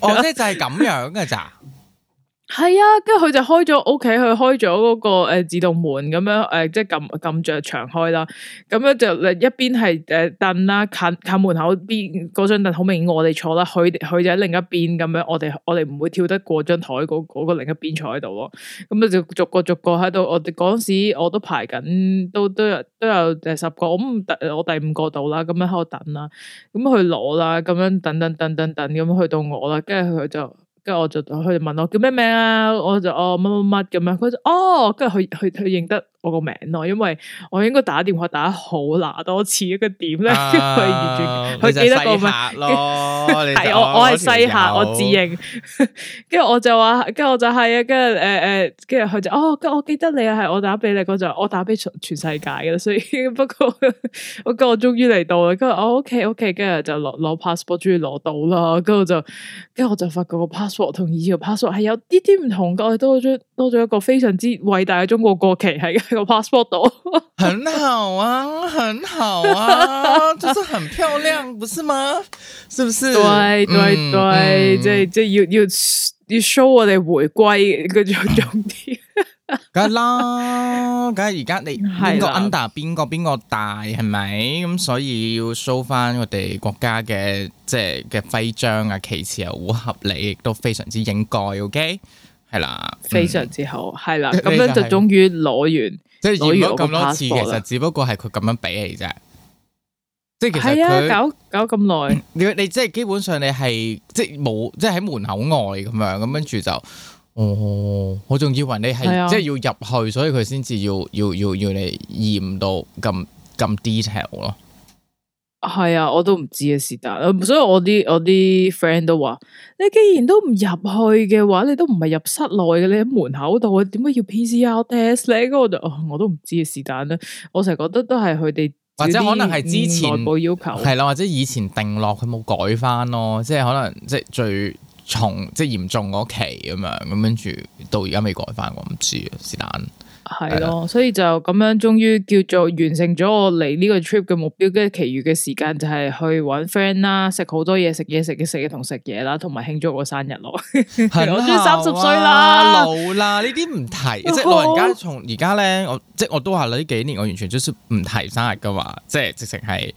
哦、啊，即係就係咁樣嘅咋？係啊，跟住佢就開咗屋企，佢開咗嗰、那個誒、呃、自動門咁樣誒，即係撳撳著牆開啦。咁樣就一邊係誒凳啦，近近門口邊嗰張凳好明顯我哋坐啦，佢佢就喺另一邊咁樣我，我哋我哋唔會跳得過張台嗰嗰、那個另一邊坐喺度。咁啊就逐個逐個喺度，我哋嗰時我都排緊，都都都，都有誒十個，我五我第五個度啦，咁樣喺度等啦，咁去攞啦，咁樣等等等等等，等，咁去到我啦，跟住佢就。跟住我就佢就問我叫咩名啊？我就哦乜乜乜咁樣，佢就哦，跟住佢佢佢認得我個名咯，因為我應該打電話打得好拿多次一個點咧，佢認住，佢 記得個名咯。係、哦 哎、我我係細客，哦、我自認。跟 住我就話，跟住我就係啊，跟住誒誒，跟住佢就哦，跟，我記得你啊，係我打俾你，我就我打俾全世界嘅，所以不過呵呵我今日終於嚟到啦，跟住我 OK OK，跟住就攞攞 passport 終於攞到啦，跟住就，跟住我，我就發覺個 passport。同以前 passport 係有啲啲唔同噶，我哋多咗多咗一個非常之偉大嘅中國國旗喺個 passport 度，很好啊，很好啊， 就是很漂亮，不是嗎？是不是？對對對，即即要又又 show 我哋回歸嘅一個重點。 梗係啦，梗係而家你邊個 under，邊個邊個大係咪？咁所以要 show 翻我哋國家嘅即係嘅徽章啊，其次又好合理，亦都非常之應該，OK，係啦，非常之好，係啦，咁樣就終於攞完，即係如果咁多次，其實只不過係佢咁樣俾你啫。即係其實佢搞搞咁耐，你你即係基本上你係即係冇，即係喺門口外咁樣，咁跟住就。哦，我仲、oh, oh, oh. 以為你係 Yeah. 即係要入去，所以佢先至要要要要你驗到咁咁 detail 咯。係啊，我都唔知啊，是但，所以我啲我啲 friend 都話，你既然都唔入去嘅話，你都唔係入室內嘅，你喺門口度，你點解要 PCR test 咧？咁我就、哦、我都唔知啊，是但咧，我成日覺得都係佢哋或者可能係之前冇要求，係啦、嗯啊，或者以前定落佢冇改翻咯，即係可能即係最。從即嚴重即係嚴重嗰期咁樣，咁跟住到而家未改翻，我唔知啊，是但係咯，所以就咁樣，終於叫做完成咗我嚟呢個 trip 嘅目標。跟住其餘嘅時間就係去揾 friend 啦，食好多嘢，食嘢食嘢食嘢同食嘢啦，同埋慶祝我生日咯。係 啦的，三十歲啦，老啦，呢啲唔提。 即係老人家從而家咧，我即係我都話咧，呢幾年我完全就唔提生日噶嘛，即係直情係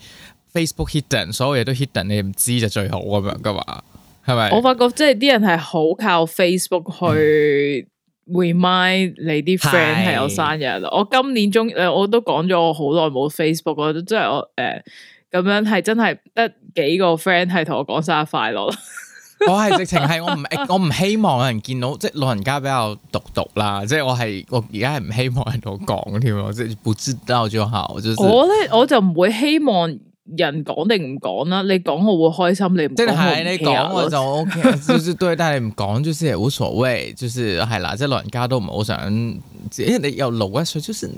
Facebook hidden，所有嘢都 hidden，你唔知就最好咁樣噶嘛。 係咪我發覺即係啲人係好靠 Facebook 去 remind 你啲 friend 係有生日咯。是我今年中誒，我都講咗我好耐冇 Facebook，我即係、就是、我誒咁、呃、樣係真係得幾個 friend 係同我講生日快樂 。我係直情係我唔我唔希望有人見到，即係老人家比較獨獨啦。即係我係我而家係唔希望人同我講添啊，即係不知道最後、就是。我咧我就唔會希望。人講定唔講啦，你講我會開心，你唔即係你講我就 OK，就是對，但係你唔講就是也無所謂，就是係啦，即係老人家都唔好想，因為你又老一歲，就算。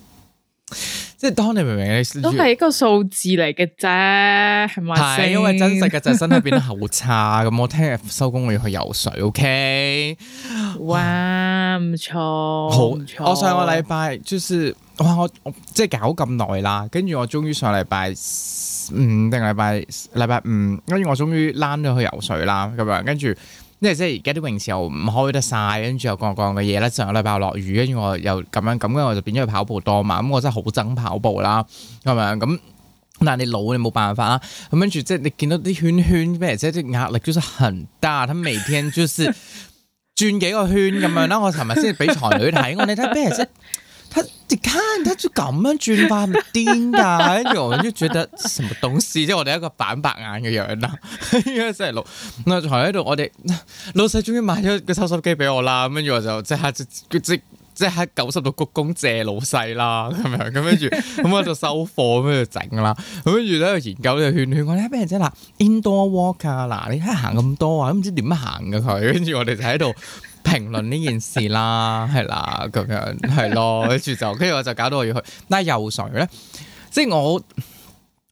即係當你明唔明？你都係一個數字嚟嘅啫，係咪先？係因為真實嘅就係身體變得好差咁， 我聽日收工我要去游水，OK？哇，唔哇錯，好！錯我上個禮拜就是哇，我，我即係搞咁耐啦，跟住我終於上禮拜五定禮拜禮拜五，跟住我終於攬咗去游水啦，咁樣跟住。即係即係而家啲泳池又唔開得晒，跟住又各樣各樣嘅嘢啦，上個禮拜落雨，跟住我又咁樣咁，跟住我就變咗去跑步多嘛。咁我真係好憎跑步啦，係咪啊？咁但你老你冇辦法啊。咁跟住即係你見到啲圈圈，咩即係啲壓力就是很大。佢每天就是轉幾個圈咁 樣啦。我琴日先俾才女睇，我你睇咩先？他，你看，佢就咁樣轉翻，咪癲噶，跟住我就覺得，什麼東西即係我哋一個板白眼嘅樣、啊、 啦。因為星期六，咁仲喺度，我哋老細終於買咗個抽濕機俾我啦。跟住我就即刻，即即即喺九十度鞠躬謝老細啦。咁樣咁跟住，咁我就收貨，咁樣就整啦。咁跟住喺度研究就勸勸，喺度勸勸我咧，咩啫嗱？Indoor walk 啊，嗱、er，你睇行咁多行啊，都唔知點行嘅佢。跟住我哋就喺度，評論呢件事啦，係 啦，咁樣係咯，跟住 就，跟住我就搞到我要去。但係游水咧，即係我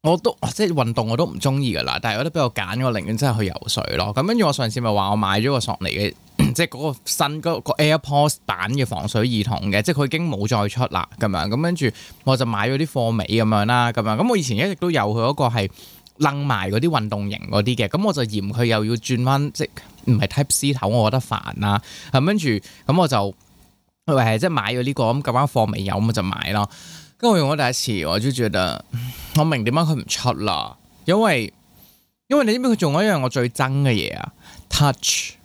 我都即係運動我都唔中意噶啦，但係我都比較揀，我寧願真係去游水咯。咁跟住我上次咪話我買咗個索尼嘅，即係嗰個新嗰個 AirPods 版嘅防水耳筒嘅，即係佢已經冇再出啦咁樣。咁跟住我就買咗啲貨尾咁樣啦，咁樣咁我以前一直都有佢嗰個係掕埋嗰啲運動型嗰啲嘅，咁我就嫌佢又要轉翻，即係唔係 Type C 頭，我覺得煩啦、啊。咁跟住，咁我就誒、哎、即係買咗呢、這個，咁嗰間貨未有，咁就買啦。跟住我用咗第一次，我就覺得我明點解佢唔出啦，因為因為你知唔知佢做咗一樣我最憎嘅嘢啊，Touch。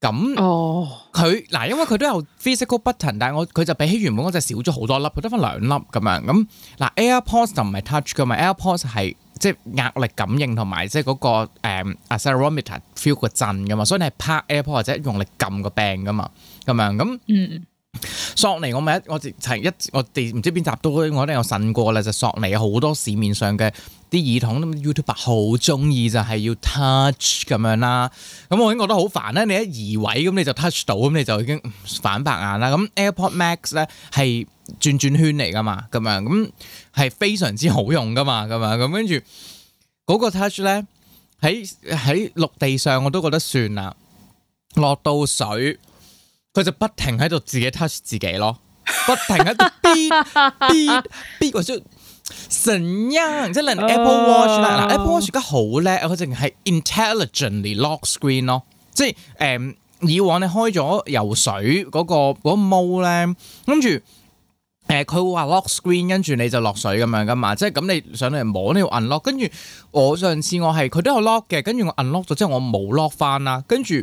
咁，佢嗱、oh.，因為佢都有 physical button，但係我佢就比起原本嗰隻少咗好多粒，佢得翻兩粒咁樣。咁嗱，AirPods 就唔係 touch 噶嘛，AirPods 係即係壓力感應同埋即係嗰、嗰個誒、um, accelerometer feel 個震噶嘛，所以你係拍 AirPods 或者用力撳個柄噶嘛，咁樣咁嗯。索尼我，我咪一我就係一我哋唔知邊集都我都有信過啦，就是，索尼好多市面上嘅啲耳筒，YouTuber 好中意就係要 touch 咁樣啦。咁我已經覺得好煩咧，你一移位咁你就 touch 到，咁你就已經反白眼啦。咁 AirPod Max 咧係轉轉圈嚟噶嘛，咁樣咁係非常之好用噶嘛，咁啊咁跟住嗰個 touch 咧喺喺陸地上我都覺得算啦，落到水。佢就不停喺度自己 touch 自己咯，不停喺度嗶嗶嗶，嗰聲神呀。即係連 Apple Watch 啦，Apple Watch 而家好叻，佢淨係 intelligently lock screen 咯，即係誒，以往你開咗游水嗰個個 mode 咧，跟住誒佢會話 lock screen，跟住你就落水咁樣噶嘛，即係咁你想嚟摸你要 unlock，跟住我上次我係佢都有 lock 嘅，跟住我 unlock 咗之後我冇 lock 翻啦，跟住。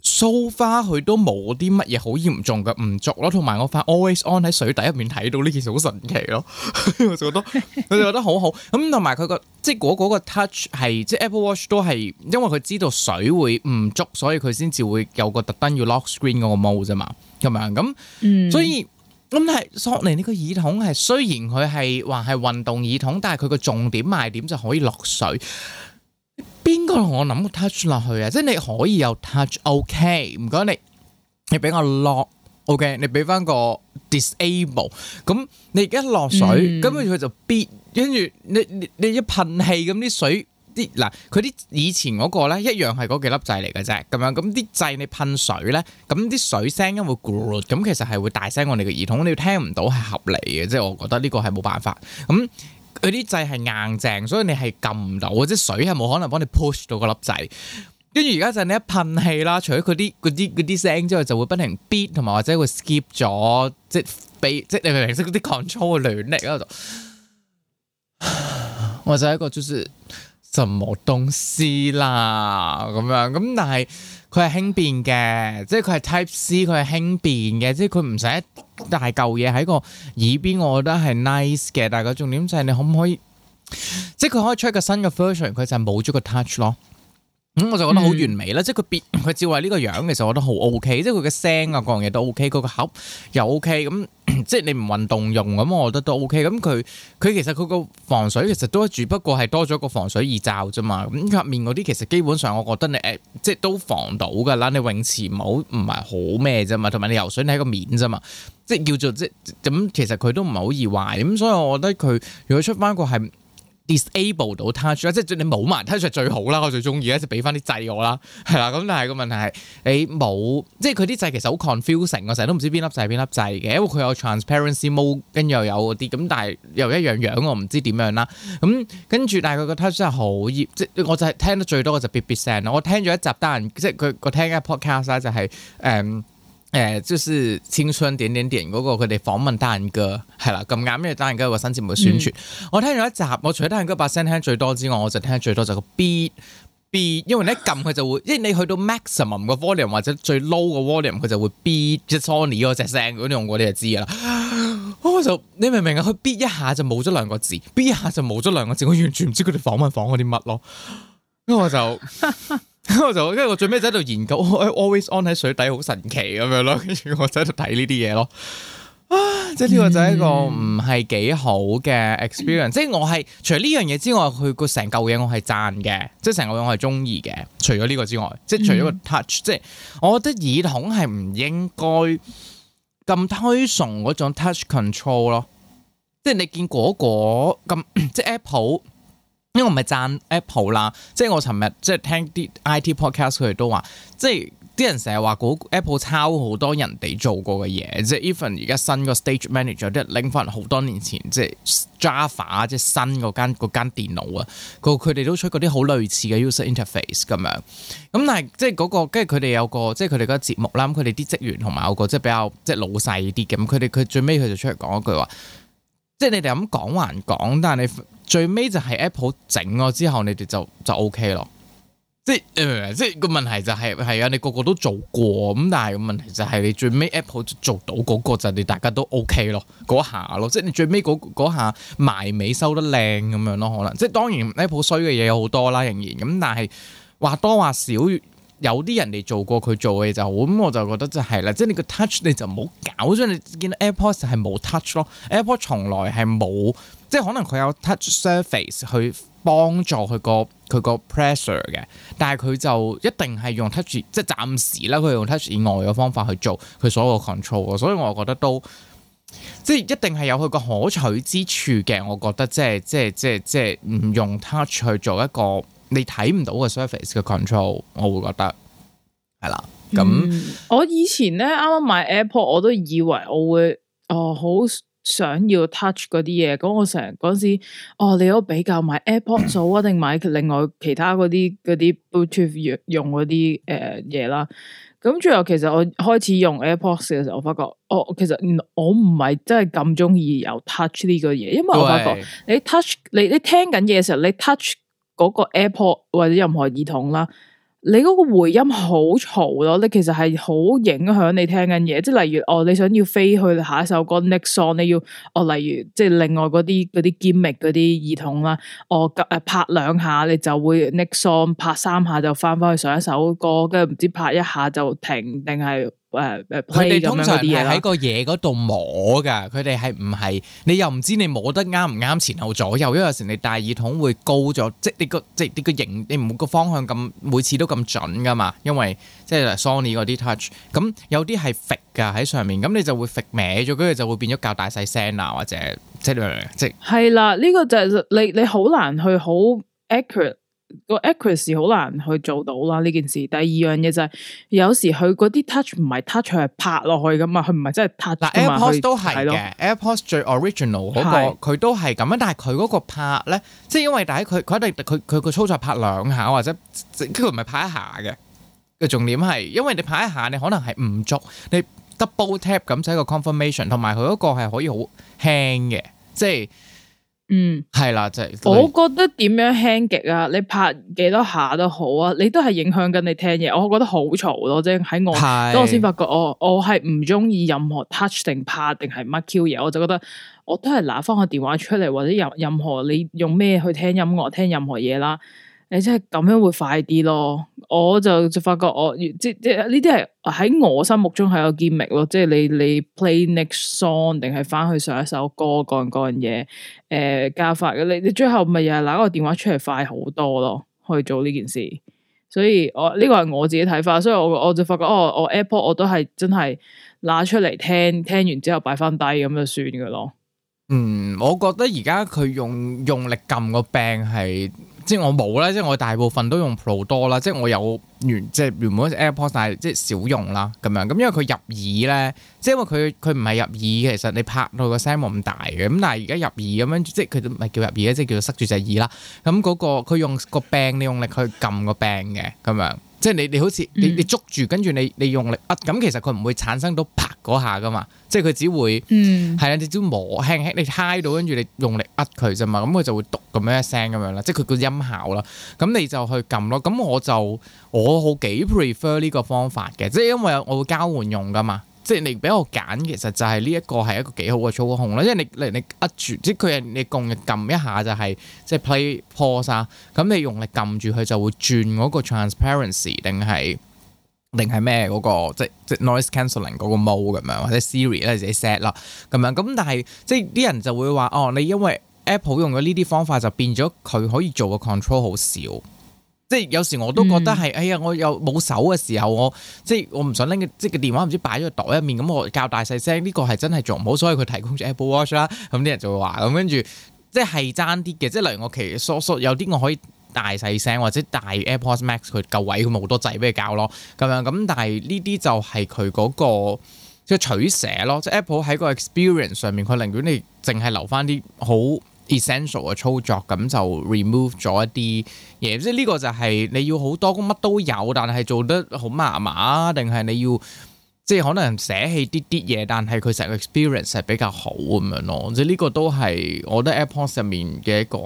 So far，佢都冇啲乜嘢好嚴重嘅唔足咯，同埋我發 always on 喺水底入面睇到呢件事好神奇咯， 我就覺得，佢就覺得好好咁，同埋佢個即係嗰嗰個 touch 係即係 Apple Watch 都係因為佢知道水會唔足，所以佢先至會有個特登要 lock screen 嗰個 mode 啫嘛，咁樣咁，所以咁係索尼呢個耳筒係雖然佢係話係運動耳筒，但係佢個重點賣點就可以落水。邊個同我諗個 touch 落去啊？即係你可以有 touch，OK，唔該你你俾我 lock，OK，你俾翻個 disable。咁你一落水，咁佢就 be，跟住你你你一噴氣咁啲水啲嗱，佢啲以前嗰個咧一樣係嗰幾粒掣嚟嘅啫。咁樣咁啲掣你噴水咧，咁啲水聲會咕嚕咁，其實係會大聲我哋嘅耳筒，你要聽唔到係合理嘅，即係我覺得呢個係冇辦法咁。佢啲掣係硬淨，所以你係撳唔到，即係水係冇可能幫你 push 到個粒掣。跟住而家就係你一噴氣啦，除咗佢啲嗰啲啲聲之外，就會不停 beat 同埋或者會 skip 咗，即係俾即係你明明識嗰啲 control 嘅亂力度。我就係一個就是什麼東西啦咁樣咁，但係。佢係輕便嘅，即係佢係 Type C，佢係輕便嘅，即係佢唔使一大嚿嘢喺個耳邊，我覺得係 nice 嘅。但係個重點就係你可唔可以，即係佢可以出一個新嘅 version，佢就係冇咗個 touch 咯。咁我就覺得好完美啦，嗯 OK, OK, OK，即係佢變佢照係呢個樣，嘅時候，我覺得好 O K，即係佢嘅聲啊，各樣嘢都 O K，佢個盒又 O K，咁即係你唔運動用咁，我覺得都 O、OK, K。咁佢佢其實佢個防水其實都住，不過係多咗個防水耳罩啫嘛。咁入面嗰啲其實基本上，我覺得你誒，即係都防到噶啦。你泳池冇唔係好咩啫嘛，同埋你游水你喺個面啫嘛，即係叫做即係咁。其實佢都唔係好易壞。咁所以我覺得佢如果出翻個係。Disable 到 touch 啦，即係你冇埋 touch 係最好啦，我最中意咧就俾翻啲掣我啦，係啦。咁但係個問題係你冇，即係佢啲掣其實好 confusing，我成日都唔知邊粒掣係邊粒掣嘅，因為佢有 transparency mode，跟住又有嗰啲，咁但係又一樣樣，我唔知點樣啦。咁跟住，但係佢個 touch 真係好熱，即我就係聽得最多嘅就 bb 聲，我聽咗一集單人，即係佢個聽嘅 podcast 咧、就係，就係誒。誒、呃，就是青春點點點、那、嗰個佢哋訪問單人歌係啦，咁啱因為單人歌個新節目宣傳，嗯、我聽咗一集，我除咗單人歌把聲聽最多之外，我就聽最多就個 b b 因為你一撳佢就會，即係你去到 maximum 個 volume 或者最 low 個 volume，佢就會 b 即 Sony 嗰隻聲嗰啲用過你就知啦。我就你明唔明啊？佢 b 一下就冇咗兩個字 b 一下就冇咗兩個字，我完全唔知佢哋訪問房嗰啲乜咯。咁我就。 我，我就，因為我最尾就喺度研究，always on 喺水底好神奇咁樣咯，跟住我就喺度睇呢啲嘢咯。啊，即係呢個就係一個唔係幾好嘅 experience。嗯、即係我係除咗呢樣嘢之外，佢個成嚿嘢我係讚嘅，即係成嚿嘢我係中意嘅。除咗呢個之外，即係除咗個 touch、嗯、即係我覺得耳筒係唔應該咁推崇嗰種 touch control 咯、那個。即係你見果果咁，即係 Apple。因為我咪讚 Apple 啦，即係我尋日即係聽啲 IT podcast 佢哋都話，即係啲人成日話 Apple 抄好多人哋做過嘅嘢，即係 even 而家新個 stage manager 都係拎翻嚟好多年前即係 Java 即係新嗰間嗰間電腦啊，佢佢哋都出嗰啲好類似嘅 user interface 咁樣，咁但係即係、那、嗰個跟住佢哋有個即係佢哋個節目啦，咁佢哋啲職員同埋有個即係比較即係老細啲咁，佢哋佢最尾佢就出嚟講一句話。即係你哋咁講還講，但係你最尾就係 Apple 整咗之後你，你哋就就 O K 咯。即係你明唔明即係個問題就係、係、係啊，你個個都做過咁，但係個問題就係你最尾 Apple 做到嗰個就你大家都 O K 咯，嗰下咯。即係你最尾嗰嗰下埋尾收得靚咁樣咯，可能即係當然 Apple 衰嘅嘢好多啦，仍然咁，但係話多話少。有啲人哋做過佢做嘅嘢就咁，我就覺得就係啦，即係你個 touch 你就唔好搞，所以你見到 AirPods 係冇 touch 咯，AirPods 從來係冇，即係可能佢有 touch surface 去幫助佢個佢個 pressure 嘅，但係佢就一定係用 touch，即係暫時啦，佢用 touch 以外嘅方法去做佢所有嘅 control，所以我覺得都即係一定係有佢個可取之處嘅，我覺得即係即係即係即係唔用 touch 去做一個。你睇唔到個 surface 嘅 control，我會覺得係啦。咁、嗯、我以前咧啱啱買 apple，我都以為我會哦好想要 touch 嗰啲嘢。咁我成日嗰陣時哦，你都比較買 apple 組啊，定買另外其他嗰啲嗰啲 bluetooth 用用嗰啲誒嘢啦。咁最後其實我開始用 apple 嘅時候，我發覺哦其實我唔係真係咁中意有 touch 呢個嘢，因為我發覺對你 touch 你你，你聽緊嘢嘅時候，你 touch。嗰個 AirPod 或者任何耳筒啦，你嗰個回音好嘈咯，你其實係好影響你聽緊嘢。即係例如哦，你想要飛去下一首歌 next song，你要哦，例如即係另外嗰啲嗰啲 gimmick 嗰啲耳筒啦，哦，誒、呃、拍兩下你就會 next song，拍三下就翻返去上一首歌，跟住唔知拍一下就停定係。誒，佢哋通常係喺個嘢嗰度摸，噶，佢哋係唔係？你又唔知你摸得啱唔啱前後左右，因為有時你戴耳筒會高咗，即係你個即係你個形，你唔會個方向咁每次都咁準噶嘛。因為即係 Sony 嗰啲 Touch，咁有啲係揈噶喺上面，咁你就會揈歪咗，跟住就會變咗較大細聲啊，或者即係即係。係啦，呢個就係你你好難去好 accurate。個 accuracy 好難去做到啦，呢件事。第二樣嘢就係有時佢嗰啲 touch 唔係 touch，係拍落去噶嘛，佢唔係真係 touch。嗱，AirPods 都係嘅，AirPods 最 original 嗰個，佢都係咁啊。但係佢嗰個拍咧，即係因為但係佢佢一佢佢個操作拍兩下或者，佢唔係拍一下嘅。個重點係，因為你拍一下，你可能係唔足，你 double tap 咁就一個 confirmation，同埋佢嗰個係可以好輕嘅，即係。嗯，係啦，即 係 我覺得點樣輕極啊？你拍幾多下都好啊，你都係影響緊你聽嘢。我覺得好嘈咯，即係喺我，所以我先發覺我我係唔中意任何 touch 定拍定係乜 Q 嘢。我就覺得我都係拿翻個電話出嚟，或者任任何你用咩去聽音樂，聽任何嘢啦。你即係咁樣會快啲咯，我就就發覺我即即呢啲係喺我心目中係有 gimmick 咯，即係你你 play next song 定係翻去上一首歌嗰樣嘢誒加法嘅，你你最後咪又係拿個電話出嚟快好多咯，去做呢件事，所以我呢、這個係我自己睇法，所以我我就發覺、哦、我我 Apple 我都係真係拿出嚟聽，聽完之後擺翻低咁就算嘅咯。嗯，我覺得而家佢用用力撳個病係。即係我冇啦，即係我大部分都用 Pro 多啦，即係我有原即係原本 AirPods，但係即係少用啦咁樣，咁因為佢入耳咧，即係因為佢佢唔係入耳，其實你拍到個聲冇咁大嘅。咁但係而家入耳咁樣，即係佢都唔係叫入耳嘅，即係叫做塞住隻耳啦。咁嗰個佢用個柄，你用力去撳個柄嘅咁樣。即係你你好似你你捉住，跟住你你用力啊，咁其實佢唔會產生到啪嗰下噶嘛，即係佢只會係啊、嗯、你只磨輕輕你 high 到，跟住你用力呃佢啫嘛，咁佢就會讀咁樣一聲咁樣啦，即係佢個音效啦。咁你就去撳咯。咁我就我好幾 prefer 呢個方法嘅，即係因為我會交換用噶嘛。即係你俾我揀，其實就係呢一個係一個幾好嘅操控啦，因為你你你壓住即係佢係你共撳一下就係、係、即係 play pause 啊，咁你用力撳住佢就會轉嗰個 transparency 定係定係咩嗰個即即 noise cancelling 嗰個 mode 咁樣，或者 Siri 咧，自己或者 set 啦咁樣，咁但係即係啲人就會話哦，你因為 Apple 用咗呢啲方法就變咗佢可以做嘅 control 好少。即係有時我都覺得係，哎呀，我又冇手嘅時候，我即係我唔想拎即係個電話唔知擺咗個袋入面，咁我較大細聲，呢個係真係做唔好，所以佢提供咗 Apple Watch 啦，咁啲人就會話咁，跟住即係爭啲嘅，即係例如我其實疏疏有啲我可以大細聲或者大 AirPods Max 佢夠位，佢冇多掣俾佢較咯，咁樣咁，但係呢啲就係佢嗰個即係取捨咯，即係 Apple 喺個 experience 上面，佢寧願你淨係留返啲好。Essential 嘅操作，咁就 remove 咗一啲嘢，即係呢個就係你要好多乜都有，但係做得好麻麻，定係你要即係可能捨棄啲啲嘢，但係佢成個 experience 係比較好咁樣咯。即係呢個都係我覺得 AirPods 入面嘅一個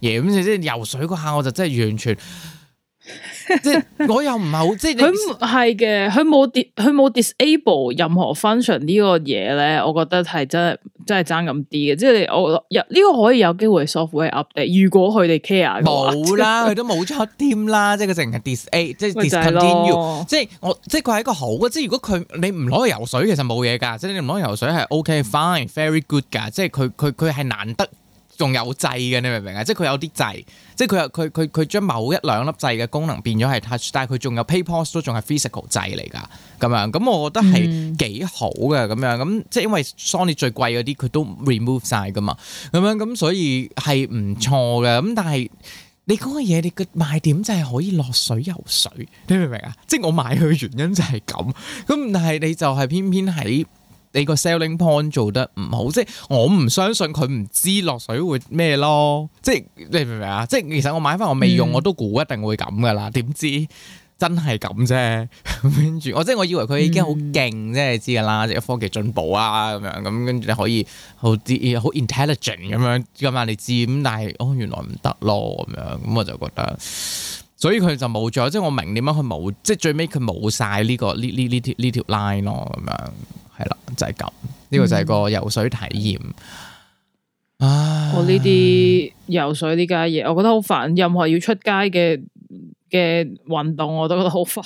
嘢。咁即係游水嗰下，我就真係完全， 即係我又唔係好即係佢係嘅，佢冇佢冇 disable 任何 function 呢個嘢咧，我覺得係真係。真係爭咁啲嘅，即係我呢、這個可以有機會 software update。如果佢哋 care，冇啦，佢 都冇出添啦，即係佢淨係 disa，即係 discontinue。 即係我，即係佢係一個好嘅。即係如果佢你唔攞去游水，其實冇嘢噶。即係你唔攞去游水係 OK、fine、very good 噶。即係佢佢佢係難得。仲有掣嘅，你明唔明啊？即係佢有啲掣，即係佢佢佢佢將某一兩粒掣嘅功能變咗係 touch，但係佢仲有 play pause 都仲係 physical 掣嚟噶，咁樣咁，我覺得係幾好嘅咁樣咁，即係因為 sony 最貴嗰啲佢都 remove 晒噶嘛，咁樣咁所以係唔錯嘅咁，但係你嗰個嘢你個賣點就係可以落水游水，你明唔明啊？即係我買佢嘅原因就係咁，咁但係你就係偏偏喺。你個 selling point 做得唔好，即係我唔相信佢唔知落水會咩咯，即係你明唔明啊？即係其實我買翻我未用，嗯、我都估一定會咁噶啦，點知真係咁啫？跟 住我即係我以為佢已經好勁，即係、嗯、知噶啦，即係科技進步啊咁樣，咁跟住你可以好啲，好 intelligent 咁樣咁啊你知咁，但係哦原來唔得咯咁樣，咁我就覺得，所以佢就冇咗，即係我明點解佢冇，即係最尾佢冇晒呢個呢呢呢條呢條 line 咯咁樣。係啦，就係、是、咁，呢個就係個游水體驗。嗯、唉我呢啲游水呢家嘢，我覺得好煩。任何要出街嘅嘅運動，我都覺得好煩。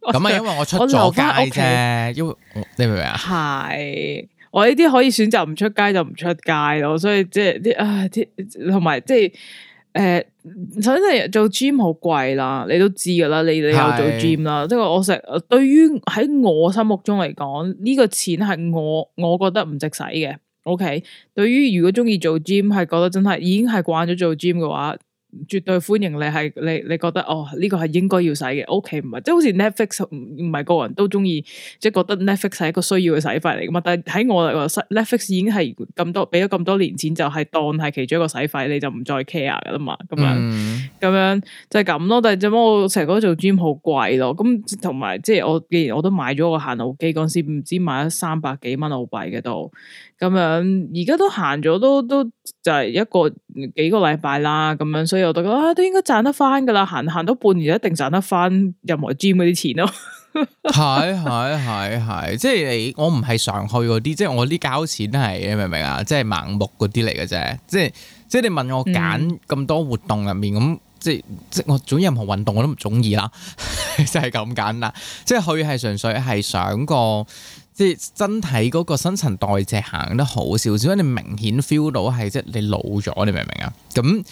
咁啊，因為我出咗街啫，因為 okay，你明唔明啊？係，我呢啲可以選擇唔出街就唔出街咯。所以即係啲啊，啲同埋即係。誒，首先你做 gym 好貴啦，你都知噶啦，你你有做 gym 啦，即係我成，對於喺我心目中嚟講，呢個錢係我我覺得唔值使嘅。OK，對於如果中意做 gym，係覺得真係已經係慣咗做 gym 嘅話絕對歡迎你係你你覺得哦呢、這個係應該要使嘅，O K 唔係，即係好似 Netflix 唔唔係個人都中意，即係覺得 Netflix 係一個需要嘅使費嚟噶嘛。但係喺我嚟講，Netflix 已經係咁多俾咗咁多年錢，就係、是、當係其中一個使費，你就唔再 care 噶啦嘛，咁樣咁、嗯、樣就係、是、咁咯。但係點解我成日講做 gym 好貴咯？咁同埋即係我既然我都買咗個行路機，嗰時唔知買咗三百幾蚊澳幣嘅都，都，咁樣而家都行咗，都都就係一個。幾個禮拜啦，咁樣，所以我都覺得、啊、都應該賺得翻噶啦，行行到半年一定賺得翻任何 gym 啲錢咯。係係係係，即係你我唔係常去嗰啲，即係我呢交錢係，你明唔明啊？即係盲目嗰啲嚟嘅啫，即係即係你問我揀咁多活動入面，咁、嗯、即即我做任何運動我都唔中意啦， 就係咁簡單，即係去係純粹係想個。即係身體嗰個新陳代謝行得好少少，你明顯 feel 到係即係你老咗，你明唔明啊？咁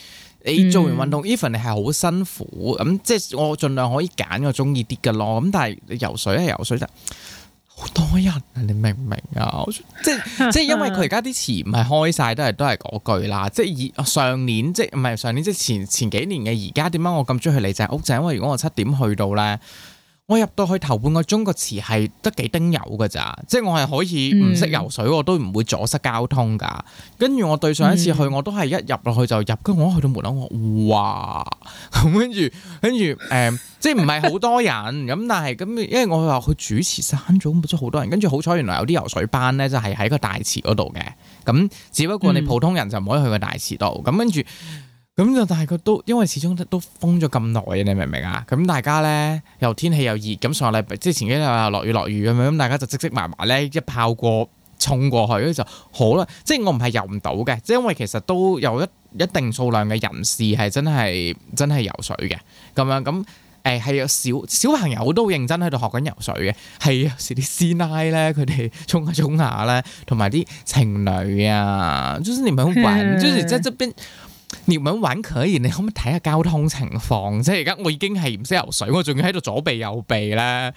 你做完運動，even、嗯、你係好辛苦，咁即係我盡量可以揀我中意啲嘅咯。咁但係你游水係游水就好多人、啊，你明唔明啊？即係即係因為佢而家啲池唔係開晒，都係都係嗰句啦。即係上年即唔係上年即係前前幾年嘅，而家點解我咁中意去李鄭屋？就係、是、因為如果我七點去到咧。我入到去，頭半個鐘個池係得幾丁友噶咋，即係我係可以唔識游水、嗯、我都唔會阻塞交通噶。跟住我對上一次去我都係一入落去就入，跟住我去到門口我哇咁，跟住跟住誒、呃，即係唔係好多人咁，但係咁因為我話佢主持刪咗咁咪好多人，跟住好彩原來有啲游水班咧，就係喺個大池嗰度嘅，咁只不過你普通人就唔可以去個大池度，咁跟住。咁就但係佢都因為始終都封咗咁耐，你明唔明啊？咁大家咧又天氣又熱，咁上個禮拜即係前幾日又落雨落雨咁樣，咁大家就積積埋埋咧一炮過衝過去就好啦。即係我唔係游唔到嘅，即係因為其實都有一一定數量嘅人士係真係真係游水嘅咁樣。咁誒係有小小朋友都好認真喺度學緊游水嘅，係有時啲師奶咧佢哋衝下衝下咧，同埋啲情侶啊，就算你唔想玩， 即是在這邊。你搵玩佢，以，你可唔可以睇下交通情況？即係而家我已經係唔識游水，我仲要喺度左避右避咧。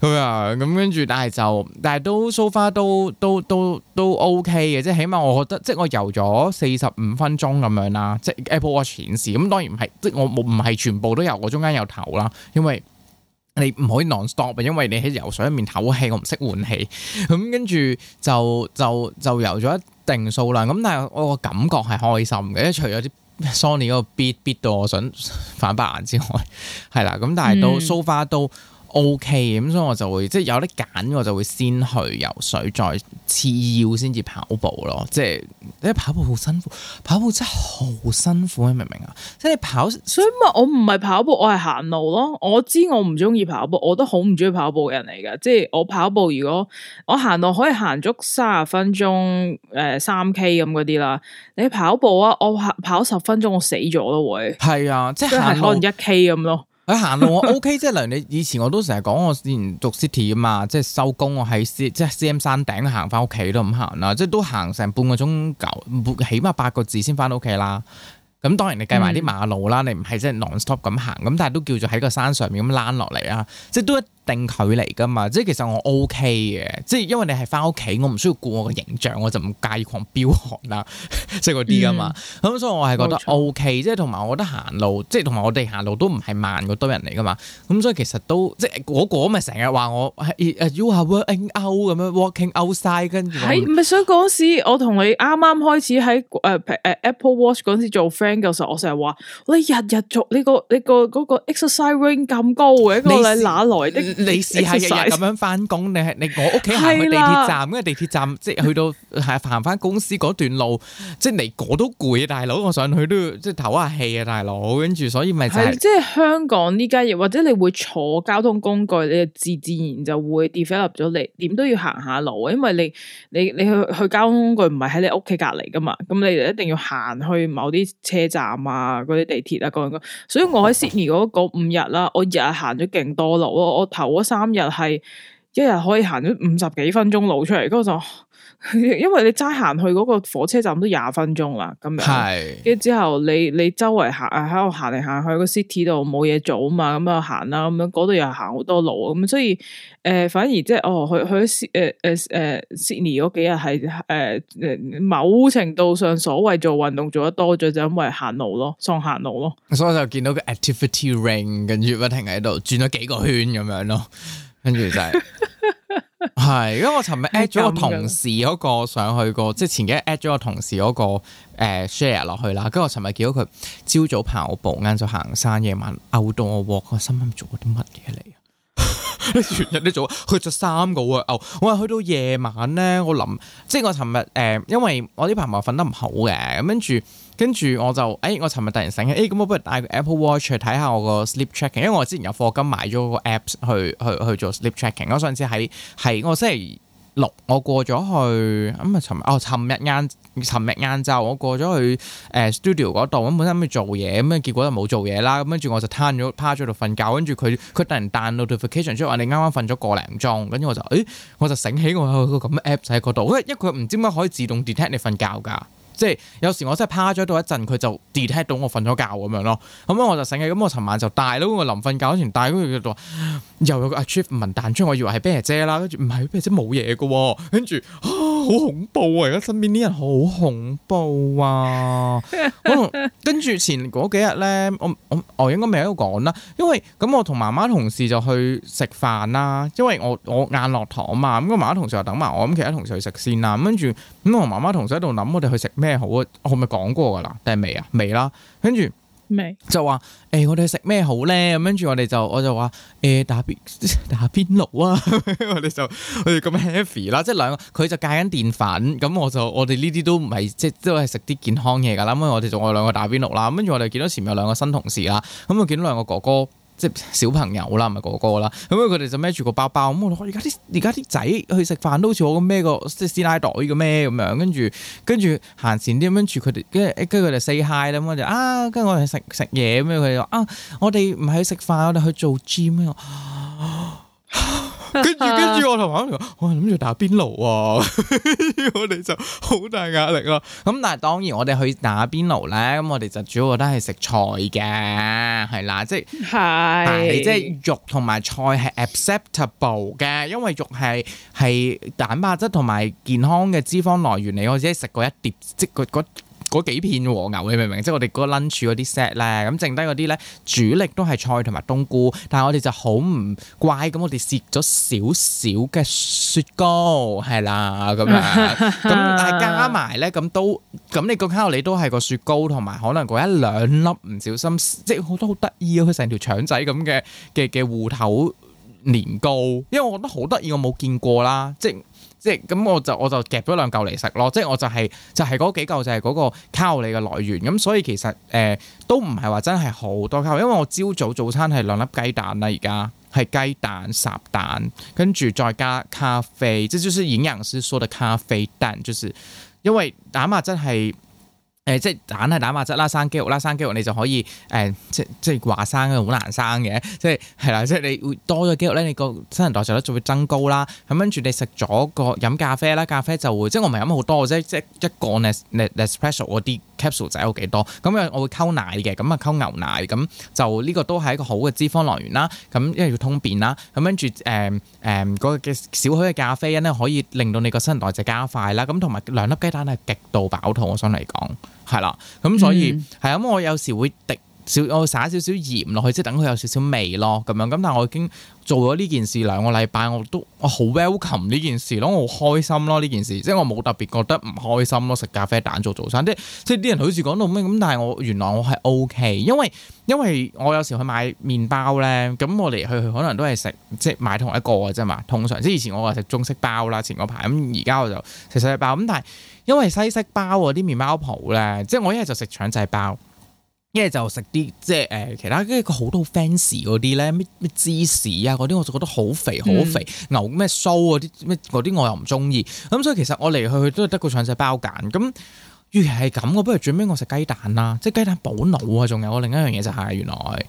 咁啊，咁跟住，但係就，但係都 so far 都都都都 ok 嘅。即係起碼我覺得，即係我游咗四十五分鐘咁樣啦。即係 Apple Watch 顯示，咁當然唔係，即係我冇唔係全部都游，我中間有頭啦，因為。你唔可以 non stop，因為你喺游水入面唞氣，我唔識換氣，咁跟住就就就游咗一定數量，咁但係我個感覺係開心嘅，因為除咗啲 Sony 嗰個 bit bit 到我想反白眼之外，係啦。咁但係都 so far 都。嗯 O K，咁所以我就會即係有啲揀，我就會先去游水，再次要先至跑步咯。即係你跑步好辛苦，跑步真係好辛苦，你明唔明啊？即係你跑，所以我唔係跑步，我係行路咯。我知我唔中意跑步，我都好唔中意跑步嘅人嚟噶。即係我跑步，如果我行路可以行足三十分鐘，誒、呃、三 K 咁嗰啲啦。你跑步啊，我跑十分鐘我死咗咯，會係啊，即係行可能一 K 咁咯。 行路我 OK，即係嗱，你以前我都成日講，我之前做 city 啊嘛，即係收工我喺即係 CM 山頂行翻屋企都咁行啦，即係都行成半個鐘夠，起碼八個字先翻屋企啦。咁當然你計埋啲馬路啦，你唔係即係 non stop 咁行，咁但係都叫做喺個山上面咁 𨁴 落嚟啊，即係都。定佢離㗎嘛，即係其實我 O K 嘅，即係因為你係翻屋企，我唔需要顧我個形象，我就唔介意狂飆汗啦，即係嗰啲㗎嘛。咁、嗯嗯、所以我係覺得 O、OK, K，< 沒錯 S 1> 即係同埋我覺得行路，即係同埋我哋行路都唔係慢嗰堆人嚟㗎嘛。咁所以其實都即係個個咪成日話我 y o u are working out 咁樣 working out s i d e 跟住唔係想嗰時我同你啱啱開始喺、uh, Apple Watch 陣時做 friend 嘅時候，我成日話你日日做呢、嗰個呢、嗰個、嗰個 exercise r i n g 咁高嘅一個你哪來的？ 你，試 你試下日日咁樣翻工，你係你我屋企行去地鐵站，因為 地鐵站即係去到行翻公司嗰段路，即係你我都攰啊，大佬，我上去都要即係唞下氣啊，大佬，跟住所以咪就係、是、即係香港呢家嘢，或者你會坐交通工具，你自自然就會 develop 咗你點都要行下路啊，因為你你你去去交通工具唔係喺你屋企隔籬噶嘛，咁你就一定要行去某啲車站啊，嗰啲地鐵啊，咁樣，所以我喺 Sydney 嗰五日啦，我日日行咗勁多路，我。留咗三日係一日可以行咗五十幾分鐘路出嚟，嗰個就。 因為你齋行去嗰個火車站都廿分鐘啦，咁樣是，跟住之後你你周圍行啊喺度行嚟行去個 city 度冇嘢做啊嘛，咁啊行啦，咁樣嗰度又行好多路，咁所以誒、呃、反而即係哦，去去誒誒誒 Sydney 嗰幾日係誒某程度上所謂做運動做得多咗就因為行路咯，送行路咯，所以我就見到個 activity ring 跟住不停喺度轉咗幾個圈咁樣咯。跟住 就係、係，係， 因為我尋日 at 咗我同事嗰個上去過，即係前幾日 at 咗我同事嗰、那個誒、呃、share 落去啦，跟住我尋日見到佢朝早跑步，晏晝行山，夜晚嘔到我鑊，我心諗做咗啲乜嘢嚟啊？ 全日都做，去咗三個喎嘔、哦，我話去到夜晚咧，我諗，即係我尋日誒，因為我啲朋友瞓得唔好嘅，咁跟住。跟住我就，哎，我尋日突然醒起，哎，咁我不如戴個 Apple Watch 去睇下我個 sleep tracking，因為我之前有課金買咗個 apps 去去去做 sleep tracking，啊。我上次喺喺我星期六我過咗去，咁啊尋日，哦，尋日晏，尋日晏晝我過咗去誒 studio 嗰度，咁、呃、本身去做嘢，咁啊結果就冇做嘢啦。咁跟住我就攤咗趴咗度瞓覺，跟住佢佢突然彈 notification 出嚟話你啱啱瞓咗個零鐘，跟住我就，哎，我就醒起我有、這個咁嘅 apps 喺嗰度，因為因為佢唔知點解可以自動 detect 你瞓覺㗎。即係有時我真係趴咗到一陣，佢就 detect 到我瞓咗覺咁樣咯。咁啊，我就醒起，咁我尋晚就戴咯。我臨瞓覺嗰時戴，跟住佢就話又有個阿 c h i e v e 彈出，我以為係 b 姐啦。跟住唔係 b 姐冇嘢嘅喎。跟住啊，好恐怖啊！而家身邊啲人好恐怖啊。跟住前嗰幾日咧，我我我應該未喺度講啦。因為咁我同媽媽同事就去食飯啦。因為我我晏落堂啊嘛。咁個媽媽同事話等埋我，咁其他同事去食先啦。咁跟住。咁同、嗯、媽媽同時喺度諗，我哋去食咩好啊？我係咪講過噶啦？定係未啊？未啦。跟住未就話，誒我哋去食咩好咧？咁跟住我哋就我就話，誒、欸、打邊打邊爐啊！ 我哋就我哋咁 happy 啦，即係兩個佢就戒緊澱粉。咁我就我哋呢啲都唔係即係都係食啲健康嘢㗎啦。咁我哋仲有哋兩個打邊爐啦。跟住我哋見到前面有兩個新同事啦。咁我見到兩個哥哥。即係小朋友啦，唔係哥哥啦，咁佢哋就孭住個包包，咁我而家啲而家啲仔去食飯都好似我咁孭個即係師奶袋咁咩咁樣，跟住跟住行前啲咁樣住佢哋，跟住跟住佢哋四嗨啦，咁我就啊，跟住我哋食食嘢，咁樣佢哋話啊，我哋唔係去食飯，我哋去做 gym 啊。啊啊啊啊啊。跟住跟住，我同阿媽講，我諗住打邊爐喎，我哋就好大壓力啊！咁但係當然，我哋去打邊爐咧，咁我哋就主要覺得係食菜嘅，係啦，即係，是但係即係肉同埋菜係 acceptable 嘅，因為肉係係蛋白質同埋健康嘅脂肪來源嚟，我只係食過一碟，即係嗰幾片和牛，你明唔明？即係我哋嗰個 lunch 嗰啲 set 咧，咁剩低嗰啲咧，主力都係菜同埋冬菇，但係我哋就好唔怪咁，我哋蝕咗少少嘅雪糕，係啦咁樣，咁但係加埋咧，咁都咁你個卡路里你都係個雪糕同埋可能嗰一兩粒唔小心，即係我都好得意啊！佢成條腸仔咁嘅嘅嘅芋頭年糕，因為我覺得好得意，我冇見過啦，即係。即係咁，我就我就夾咗兩嚿嚟食咯，即係我就係、是、就係、是、嗰幾嚿就係嗰個卡路里嘅來源，咁、嗯、所以其實誒、呃、都唔係話真係好多卡路，因為我朝早早餐係兩粒雞蛋啦，而家係雞蛋烚蛋，跟住再加咖啡，即係就是營養師所謂咖啡蛋，就是因為諗下真係。誒、呃，即係蛋係蛋白質啦，生肌肉啦，生肌肉你就可以誒、呃，即即係話生嘅好難生嘅，即係係啦，即係你會多咗肌肉咧，你個新陳代謝率就會增高啦。咁跟住你食咗個飲咖啡啦，咖啡就會即係我唔係飲好多嘅，即係一個咧 special 嗰啲。Capsule 仔有幾多？咁我我會溝奶嘅，咁啊溝牛奶，咁就呢個都係一個好嘅脂肪來源啦。咁因為要通便啦，咁跟住誒誒嗰嘅少許嘅咖啡因咧，可以令到你個新陳代謝加快啦。咁同埋兩粒雞蛋係極度飽肚，我想嚟講係啦。咁所以係咁、嗯，我有時會滴。少我撒少少鹽落去，即係等佢有少少味咯，咁樣咁。但係我已經做咗呢件事兩個禮拜，我都我好 welcome 呢件事咯，我好開心咯呢件事，即係我冇特別覺得唔開心咯。食咖啡蛋做早餐，即係即係啲人好似講到咩咁，但係我原來我係 OK，因為因為我有時去買麵包呢。咁我嚟去去可能都係食即係買同一個嘅啫嘛。通常即係以前我係食中式包啦，前嗰排咁而家我就食西包咁，但係因為西式包嗰啲麵包鋪咧，即係我一係就食腸仔包。一係就食啲即係誒其他，跟住佢好多 fancy 嗰啲咧，咩咩芝士啊嗰啲，我就覺得好肥好肥，肥嗯、牛咩酥嗰啲咩嗰啲我又唔中意。咁所以其實我嚟去去都係得個腸仔包揀。咁，與其係咁，我不如最屘我食雞蛋啦，即係雞蛋補腦啊，仲有我另一樣嘢就係、是、原來。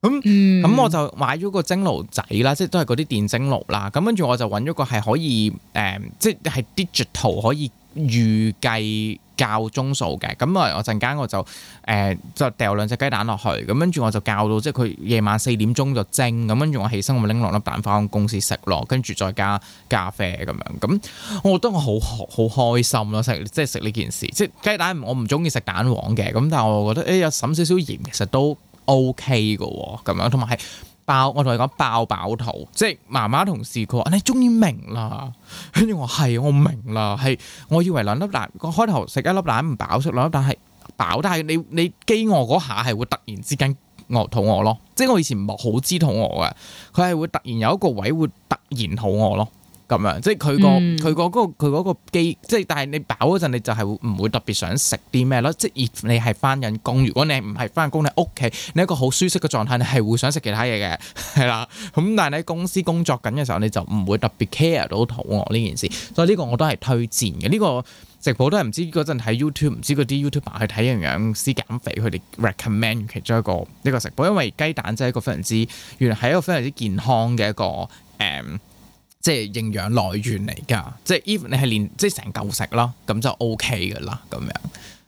咁 咁那、嗯、我就買咗個蒸爐仔啦，即係都係嗰啲電蒸爐啦。咁跟住我就搵咗個係可以誒、呃，即係 digital 可以預計。教鐘數嘅，咁我陣間我就誒、呃、就掉兩隻雞蛋落去，咁跟住我就教到，即係佢夜晚四點鐘就蒸，咁跟住我起身，我咪拎落粒蛋返公司食咯，跟住再加咖啡咁樣，咁我覺得我好好開心咯，食即係食呢件事，即係雞蛋我唔中意食蛋黃嘅，咁但係我覺得誒、欸、有滲少少鹽其實都 O K 㗎喎，咁樣同埋係。爆！我同你講爆飽肚，即係媽媽同事佢話：你終於明啦。跟住我係我明啦，係我以為兩粒蛋，我開頭食一粒蛋唔飽，食兩粒蛋係飽，但係你你飢餓嗰下係會突然之間餓肚餓咯。即係我以前唔好知肚餓嘅，佢係會突然有一個位會突然肚餓咯。咁樣，即係佢、嗯嗰個佢個嗰個佢嗰個機，即係但係你飽嗰陣，你就係唔會特別想食啲咩咯。即係你係翻緊工，如果你唔係翻緊工，你屋企你一個好舒適嘅狀態，你係會想食其他嘢嘅，係啦。咁但係你喺公司工作緊嘅時候，你就唔會特別 care 到肚餓呢件事。所以呢個我都係推薦嘅。呢、呢個食譜都係唔知嗰陣睇 YouTube，唔知嗰啲 YouTuber 去睇營養師減肥，佢哋 recommend 其中一個呢、呢個食譜，因為雞蛋真係一個非常之原來係一個非常之健康嘅一個誒。嗯即係營養來源嚟㗎，即係 even 你係連即係成嚿食咯，咁就 OK 㗎啦，咁樣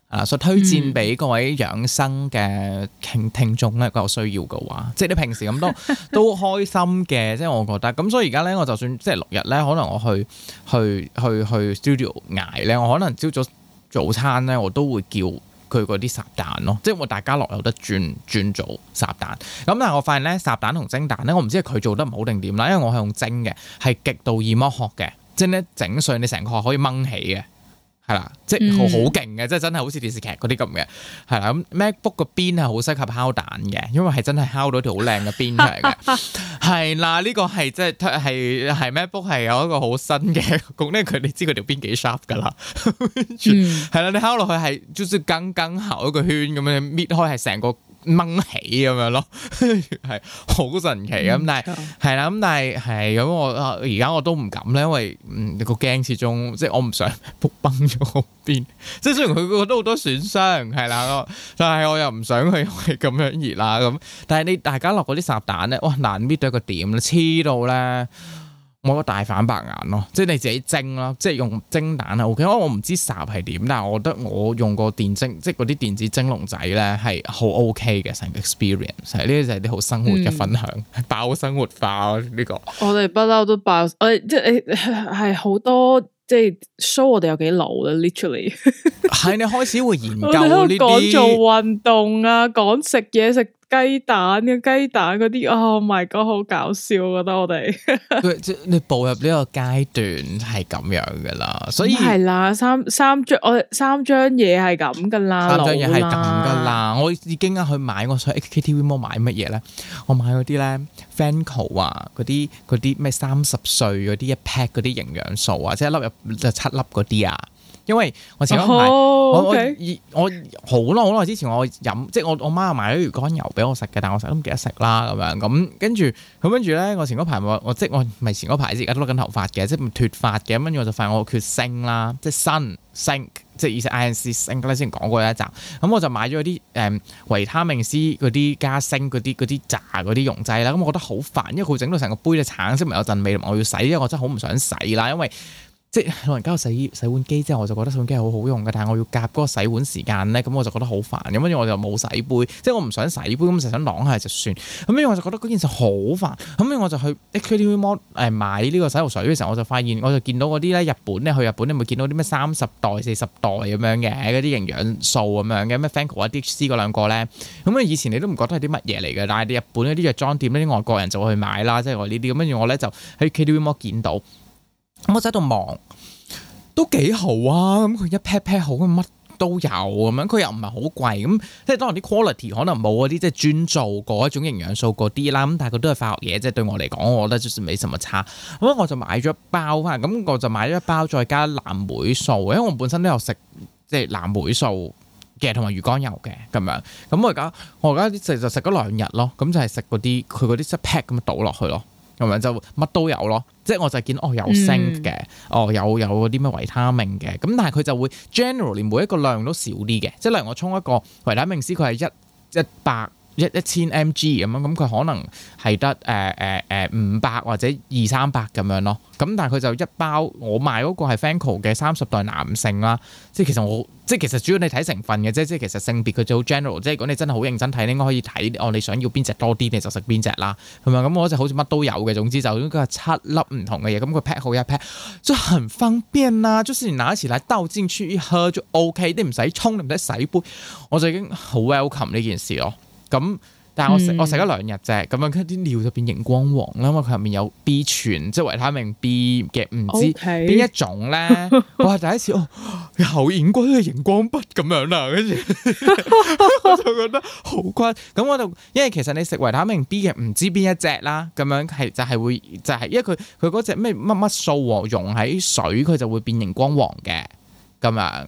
啊，所以推薦俾各位養生嘅聽聽眾咧，如果有需要嘅話，即係你平時咁都 都開心嘅，即係我覺得，咁所以而家咧，我就算即係六日咧，可能我去去去去 studio 捱咧，我可能朝早早餐咧，我都會叫。佢嗰啲烚蛋咯，即係我大家樂有得轉轉做烚蛋，咁但係我發現咧，烚蛋同蒸蛋咧，我唔知係佢做得唔好定點啦，因為我係用蒸嘅，係極度易剝殼嘅，即係咧整碎你成個殼可以掹起嘅。係啦，即係好勁嘅，即係真係好似電視劇嗰啲咁嘅，係啦。咁 MacBook 個邊係好適合敲蛋嘅，因為係真係敲到條好靚嘅邊出嚟嘅。係啦，呢個係即係係係 MacBook 係有一個好新嘅工，因佢你知佢條邊幾 sharp 㗎啦。係啦，你敲落去係，就係啱啱好一個圈咁樣搣開，係成個。掹起咁樣咯，係好神奇咁，但係係啦，咁但係係咁我而家我都唔敢咧，因為個鏡、嗯、始終即係我唔想扑崩咗邊，即係雖然佢嗰度都好多損傷係啦，但係我又唔想去因咁樣熱啊咁，但係你大家落嗰啲炸彈咧，哇難搣到一個點啦，黐到咧。冇個大反白眼咯，即係你自己蒸咯，即係用蒸蛋係 O K，因為我唔知烚係點，但係我覺得我用過電蒸，即係嗰啲電子蒸籠仔咧係好 O K 嘅，成個 experience，呢啲就係啲好生活嘅分享，嗯、爆生活化呢、這個。我哋不嬲都爆，即係係好多，即係 show 我哋有幾老啦，literally 係 你開始會研究呢啲，講做運動啊，講食嘢食。雞蛋嘅雞蛋嗰啲，哦，My God 好搞笑，我覺得我哋。即你步入呢個階段係咁樣噶啦，所以係啦，三三張我三張嘢係咁噶啦，三張嘢係咁噶啦，了我已經啊去買，我上 HKTV 冇買乜嘢咧？我買嗰啲咧，Fancl 啊，嗰啲嗰啲咩三十歲嗰啲一 pack 嗰啲營養素啊，即係一粒入就七粒嗰啲啊。因為我前嗰排、oh, okay.，我我好耐好耐之前我飲，即係我我媽買咗魚肝油俾我食嘅，但我成日都唔記得食啦咁樣。咁跟住，咁跟住咧，我前嗰排我我即我咪前嗰排先而家甩緊頭髮嘅，即係脱髮嘅。咁跟住我就發現我缺鋅啦，即係新，鋅，即係 I-N-C、鋅啦。之前講過有一集，咁我就買咗啲誒維他命 C 嗰啲加鋅嗰啲嗰啲炸嗰啲溶劑啦。咁我覺得好煩，因為佢整到成個杯都橙色，咪有陣味，我要洗，因為我真係好唔想洗啦，因為。即係老人家用洗洗碗機之後，我就覺得洗碗機係好好用嘅，但係我要夾嗰個洗碗時間咧，咁我就覺得好煩。咁跟住我就冇洗杯，即係我唔想洗杯，咁就想擋下就算。咁跟住我就覺得嗰件事好煩。咁跟住我就去 KTV Mall 誒買呢個洗頭水嘅時候，我就發現，我就見到嗰啲咧日本咧去日本你咪見到啲咩三十袋、四十袋咁樣嘅嗰啲營養素咁樣嘅咩 Fancl 啊、DHC 嗰兩個咧。咁啊，以前你都唔覺得係啲乜嘢嚟嘅，但係你日本嗰啲藥妝店咧，啲外國人就會去買啦，即係我呢啲。咁跟住我咧就喺 KTV Mall 見到。咁我喺度望，都幾好啊！咁佢一 pack pack 好乜都有咁樣，佢又唔係好貴，咁即係當然啲 quality 可能冇嗰啲即係專做嗰一種營養素嗰啲啦。咁但係佢都係化學嘢，即係對我嚟講，我覺得就算冇乜差。咁我就買咗一包翻，咁我就買咗一包再加藍莓素，因為我本身都有食即係藍莓素嘅同埋魚肝油嘅咁樣。咁我而家我而家食就食咗兩日咯，咁就係食嗰啲佢嗰啲一 pack 咁樣倒落去咯，同埋就乜都有咯。即係我就見哦有升嘅，哦有有啲咩維他命嘅，咁但係佢就會 general 連每一個量都少啲嘅，即係例如我沖一個維他命 C 佢係一一百。一一千 mg 咁樣，咁佢可能係得誒誒誒五百或者二三百咁樣咯。咁但係佢就一包，我買嗰個係 FANCL 嘅三十代男性啦。即係其實我即係其實主要你睇成分嘅啫。即係其實性別佢就好 general。即係如果你真係好認真睇，應該可以睇哦，你想要邊隻多啲你就食邊隻啦，係咪？咁、嗯嗯嗯、我就好似乜都有嘅。總之就應該係七粒唔同嘅嘢，咁佢 pack 好一 pack，很方便啦、啊。即、就、使是拿一起嚟倒進去一喝就 OK，你唔使沖，你唔使洗杯，我就已經好 welcome 呢件事咯。咁，但係我食我食咗兩日啫，咁樣啲尿就變熒光黃啦，因為佢入面有 B 醇，即係維他命 B 嘅唔知邊一種咧。我 Okay. 第一次哦，喉染過啲熒光筆咁樣啦、啊，跟住 我就覺得好怪。咁我就因為其實你食維他命 B 嘅唔知邊一隻啦，咁樣係就係會就係因為佢佢嗰隻咩乜乜素溶喺水，佢就會變熒光黃嘅咁樣。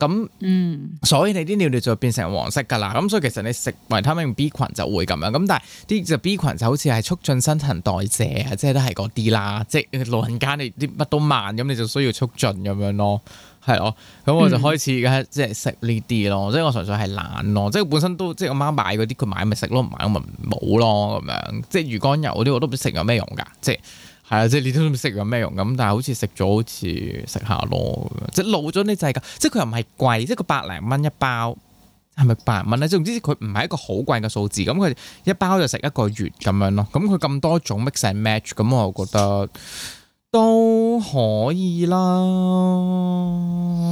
咁，嗯，所以你啲尿尿就變成黃色噶啦。咁所以其實你食維他命 B 群就會咁樣。咁但係啲就 B 群就好似係促進新陳代謝啊，即係都係嗰啲啦。即係老人家你啲乜都慢，咁你就需要促進咁樣咯，係咯。咁我就開始而家、嗯、即係食呢啲咯。即係我純粹係懶咯。即係本身都即係我媽買嗰啲，佢買咪食咯，唔買咪冇咯。咁樣即係魚肝油嗰啲，我都唔知食，有咩用噶？即係。係啊，即係你都唔識有咩用咁，但係好似食咗，好似食下咯，即係老咗呢就係咁，即係佢又唔係貴，即係個百零蚊一包，係咪百蚊咧？即係唔知，佢唔係一個好貴嘅數字，咁佢一包就食一個月咁樣咯。咁佢咁多種 mix and match，咁我又覺得都可以啦，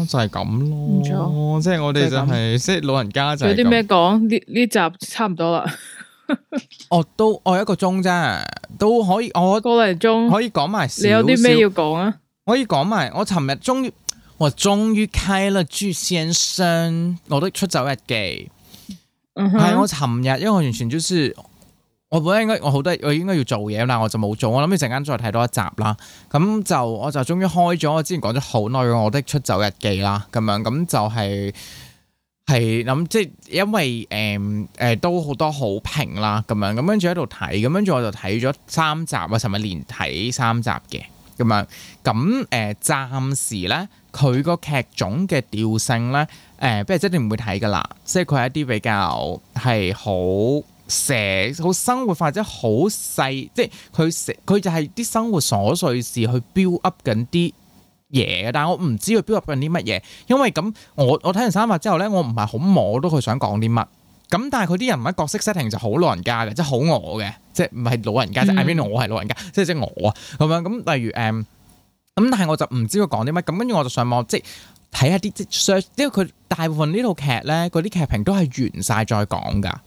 就係咁咯。唔錯，即係我哋就係即係老人家就係。有啲咩講？呢呢集差唔多啦。 我都我一個鐘啫，都可以我過嚟鐘可以講埋。你有啲咩要講啊？可以講埋。我尋日終於我終於開了《朱先生》，我的出走日記。嗯哼、uh，係、huh. 我尋日，因為我完全就是我本應該我好多我應該要做嘢啦，我就冇做。我諗一陣間再睇多一集啦。咁就我就終於開咗。我之前講咗好耐我的出走日記啦。咁樣咁就係、是。係諗、嗯、即係因為誒誒、嗯呃、都好多好評啦，咁樣，咁跟住喺度睇，咁跟住我就睇咗三集啊，係咪連睇三集嘅咁樣？咁誒暫時咧，佢個劇種嘅調性咧誒，不如即係你唔會睇㗎啦，即係佢係一啲比較係好寫好生活化或者好細，即係佢佢就係啲生活瑣碎事去 build up 緊啲嘢，但係我唔知佢包含啲乜嘢，因為咁我我睇完三集之後咧，我唔係好摸到佢想講啲乜，咁但係佢啲人物角色 setting 就好老人家嘅，即係好我嘅，即係唔係老人家，就係、嗯、I mean 我係老人家，即係即係我咁樣，咁例如誒，咁、嗯、但係我就唔知佢講啲乜，咁跟住我就上網即係睇下啲即係 search，因為佢大部分部劇呢套劇咧嗰啲劇評都係完晒再講噶。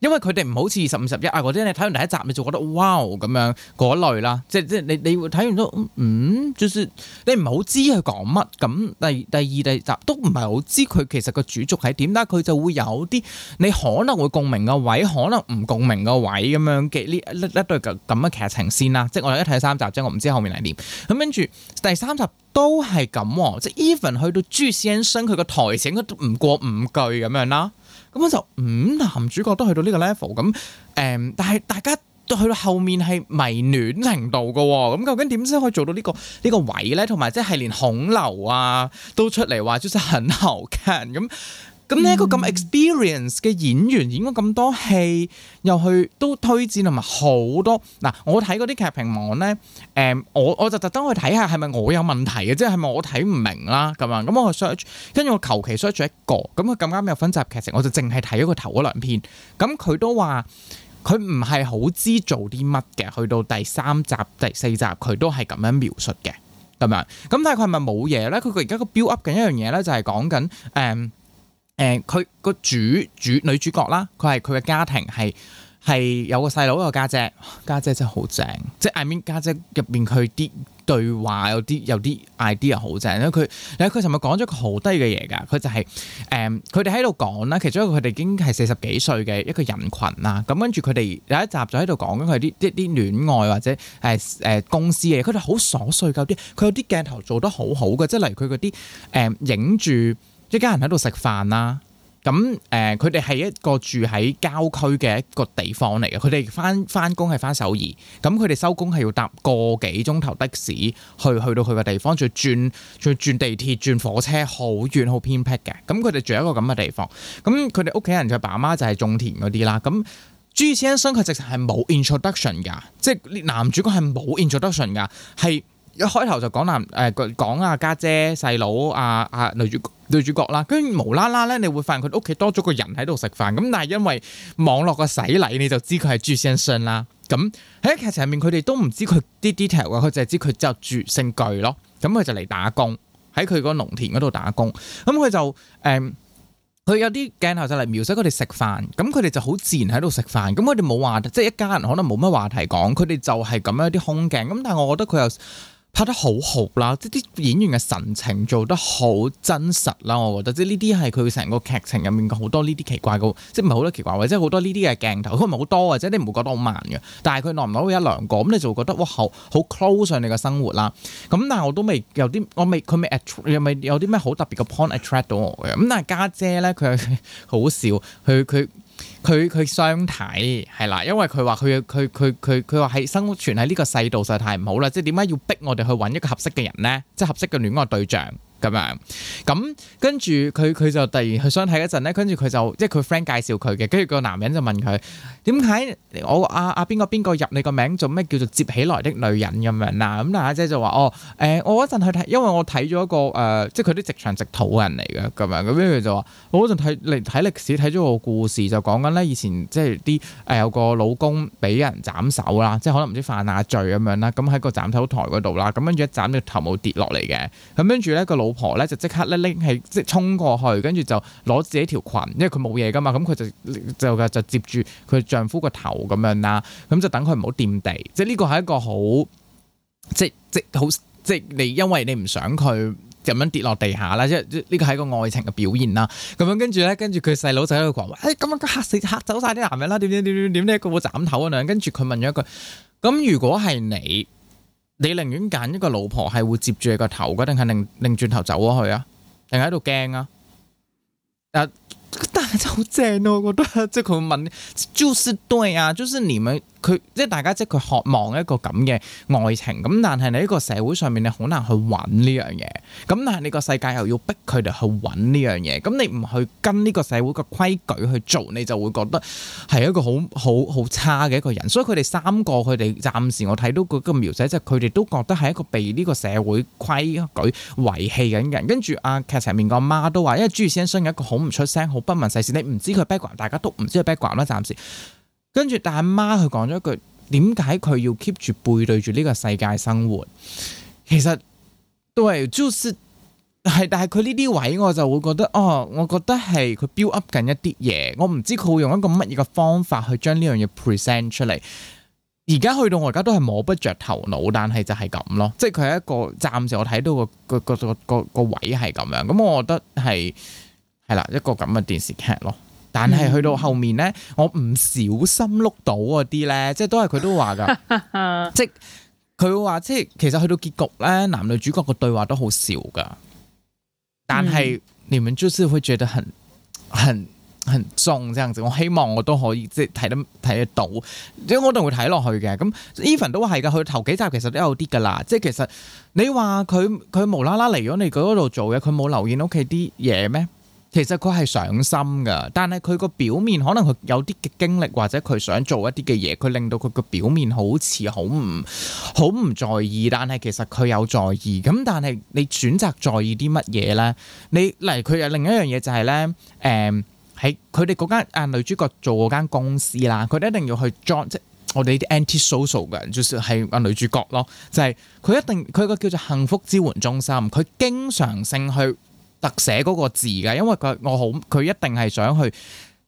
因為佢哋唔好似二十五十一啊，或者你睇完第一集你就覺得哇、wow, 咁樣嗰類啦，即係即係你你會睇完都嗯，就算、是、你唔係好知佢講乜咁。第第二第三集都唔係好知佢其實個主軸係點，但佢就會有啲你可能會共鳴個位，可能唔共鳴個位咁樣嘅呢一對咁嘅劇情先啦、啊。即係我哋一睇三集，即我唔知後面係點。咁跟住第三集都係咁，即係 even 去到朱先生佢個台請都唔過五句咁樣啦。啊咁就五、嗯、男主角都去到呢個 level，咁、嗯、誒，但係大家都去到後面係迷戀程度噶、哦，咁究竟點先可以做到呢、這個呢、這個位咧？同埋即係連孔流啊都出嚟話，其、就、實、是、很牛 king 咁。嗯咁呢一個咁 experience 嘅演員，演咗咁多戲，又去都推薦同埋好多。嗱、啊，我睇嗰啲劇評網咧，誒、嗯，我我就特登去睇下，係咪我有問題嘅？即係係咪我睇唔明啦？咁樣咁我 search，跟住我求其 search 一個，咁佢咁啱有分集劇情，我就淨係睇咗佢頭嗰兩篇。咁佢都話佢唔係好知做啲乜嘅，去到第三集第四集，佢都係咁樣描述嘅。咁樣咁但係佢係咪冇嘢咧？佢而家個 build up 緊一樣嘢咧，就係、是、講緊誒。嗯誒，佢個、呃、主主女主角啦，佢係佢嘅家庭係係有個細佬，有個家姐，姐，家、呃、姐，姐真係好正，即係入 I mean, 面家姐入面佢啲對話有啲有啲 idea 好正，因為佢，因佢尋日講咗個好低嘅嘢㗎，佢就係、是、誒，佢哋喺度講啦，其中一個佢哋已經係四十幾歲嘅一個人群啦，咁跟住佢哋有一集就喺度講緊佢啲一啲戀愛或者誒誒、呃、公司嘅，佢哋好瑣碎嗰啲，佢有啲鏡頭做得好好嘅，即係例如佢嗰啲誒影住。嗯一家人喺度食飯啦，咁誒佢哋係一個住喺郊區嘅一個地方嚟嘅，佢哋返返工係返首爾，咁佢哋收工係要搭個幾鐘頭的士去去到佢嘅地方，再轉再轉地鐵轉火車，好遠好偏僻嘅，咁佢哋住一個咁嘅地方，咁佢哋屋企人佢爸媽就係種田嗰啲啦，咁朱先生佢直情係冇 introduction 㗎，即係男主角係冇 introduction 㗎，係。一開頭就講男誒講阿家姐細佬阿阿女主女主角啦，跟、啊、住、啊、無啦啦咧，你會發現佢屋企多咗個人喺度食飯。咁但係因為網絡嘅洗禮，你就知佢係朱先生啦、啊。咁喺劇情入面，佢哋都唔知佢啲 detail 嘅，佢就係知佢就住姓巨咯。咁、嗯、佢就嚟打工喺佢個農田嗰度打工。咁佢、嗯、就誒，佢、嗯、有啲鏡頭就嚟描寫佢哋食飯。咁佢哋就好自然喺度食飯。咁佢哋冇話即係一家人可能冇乜話題講，佢哋就係咁樣啲空鏡。咁但係我覺得佢又。拍得好好啦，即啲演員嘅神情做得好真實啦，我覺得即呢啲係佢成個劇情入面好多呢啲奇怪嘅，即唔係好多奇怪或者好多呢啲嘅鏡頭，佢唔係好多或者你唔會覺得好慢嘅，但係佢耐唔耐會一兩個，咁你就會覺得嘩好好 close 上你嘅生活啦。咁但係我都未有啲，我未佢未，未有未有啲咩好特別嘅 point attract 到我嘅。咁但係家姐咧，佢好笑，佢佢。佢佢相睇係啦，因為佢話佢佢佢佢佢話係生存喺呢個世道實在太唔好啦，即係點解要逼我哋去揾一個合適嘅人咧？即係合適嘅戀愛對象。咁樣，咁跟住佢佢就突然去相睇一陣咧，跟住佢就即係佢 friend 介紹佢嘅，跟住個男人就問佢點解我阿阿邊個邊個入你個名做咩叫做接起來的女人咁樣啦？咁阿姐就話：哦，誒、欸、我嗰陣去睇，因為我睇咗一個誒、呃，即係佢啲直腸直肚人嚟嘅咁樣。咁跟住就話我嗰陣睇歷睇歷史睇咗個故事，就講緊咧以前即係啲誒有個老公俾人斬手啦，即係可能唔知犯下罪咁樣啦，咁喺個斬頭台嗰度啦，咁跟住一斬條頭冇跌落嚟嘅，咁跟住咧個老老婆咧就刻即刻咧拎起即係衝過去，跟住就攞自己條裙，因為佢冇嘢噶嘛，咁佢就就就，就，就接住佢丈夫個頭咁樣啦，咁就等佢唔好掂地，即係呢個係一個好即係即好即係你，因為你唔想佢咁樣跌落地下啦，即係呢個係一個愛情嘅表現啦。咁樣跟住咧，跟住佢細佬就喺度講話：，誒，咁、哎、樣吓死吓走晒啲男人啦，點點點點點咧，佢會斬頭啊！噉樣，跟住佢問咗一句：，咁如果係你？你寧願揀一個老婆係會接住你個頭嘅，定係擰擰轉頭走過去啊？定係喺度驚啊？真好正啊！ 我覺得即佢問 Jude Day，就是，啊，Jude d a 咪佢即大家即佢渴望一個咁嘅愛情咁，但係你呢個社會上面你好難去揾呢樣嘢，咁但係你個世界又要逼佢哋去揾呢樣嘢，咁你唔去跟呢個社會嘅規矩去做，你就會覺得係一個好好好差嘅一個人。所以佢哋三個，佢哋暫時我睇到佢個描寫，即佢哋都覺得係一個被呢個社會規矩遺棄緊嘅人。跟住啊劇情面個媽，媽都話，因為朱 u d 有一個好唔出聲，好不聞。係，你唔知佢 background，大家都唔知佢 background 啦。暫時，跟住但係阿媽佢講咗一句，點解佢要 keep 住背對住呢個世界生活？其實都係 j 係，但係佢呢啲位，我就會覺得哦，我覺得係佢 build up 緊一啲嘢，我唔知佢會用一個乜嘢嘅方法去將呢樣嘢 present 出嚟。而家去到我而家都係摸不着頭腦，但係就係咁咯。即係佢係一個暫時我睇到個個個個個位係咁樣，咁我覺得係。係啦，一個咁嘅電視劇咯。但係去到後面咧，我唔小心碌到嗰啲咧，即係都係佢都話噶，即佢會話，即係其實去到結局咧，男女主角個對話都好少噶。但係你哋會覺得很很很重，即係我希望我都可以即係睇得睇得到，即我都會睇落去嘅。咁 even 都係噶，佢頭幾集其實都有啲噶啦。即係其實你話佢佢無啦啦嚟咗你嗰度做嘢，佢冇留念屋企啲嘢咩？其實佢係上心㗎，但係佢個表面可能佢有啲嘅經歷，或者佢想做一啲嘅嘢，佢令到佢個表面好似好唔好唔在意，但係其實佢有在意。咁但係你選擇在意啲乜嘢咧？你嚟佢有另一樣嘢就係、是、咧，誒喺佢哋嗰間啊、呃、女主角做嗰間公司啦，佢一定要去 join 即我哋啲 anti-social 嘅，就算係啊女主角咯，就係、是、佢一定佢個叫做幸福支援中心，佢經常性去。特寫嗰個字㗎，因為佢我好佢一定係想去，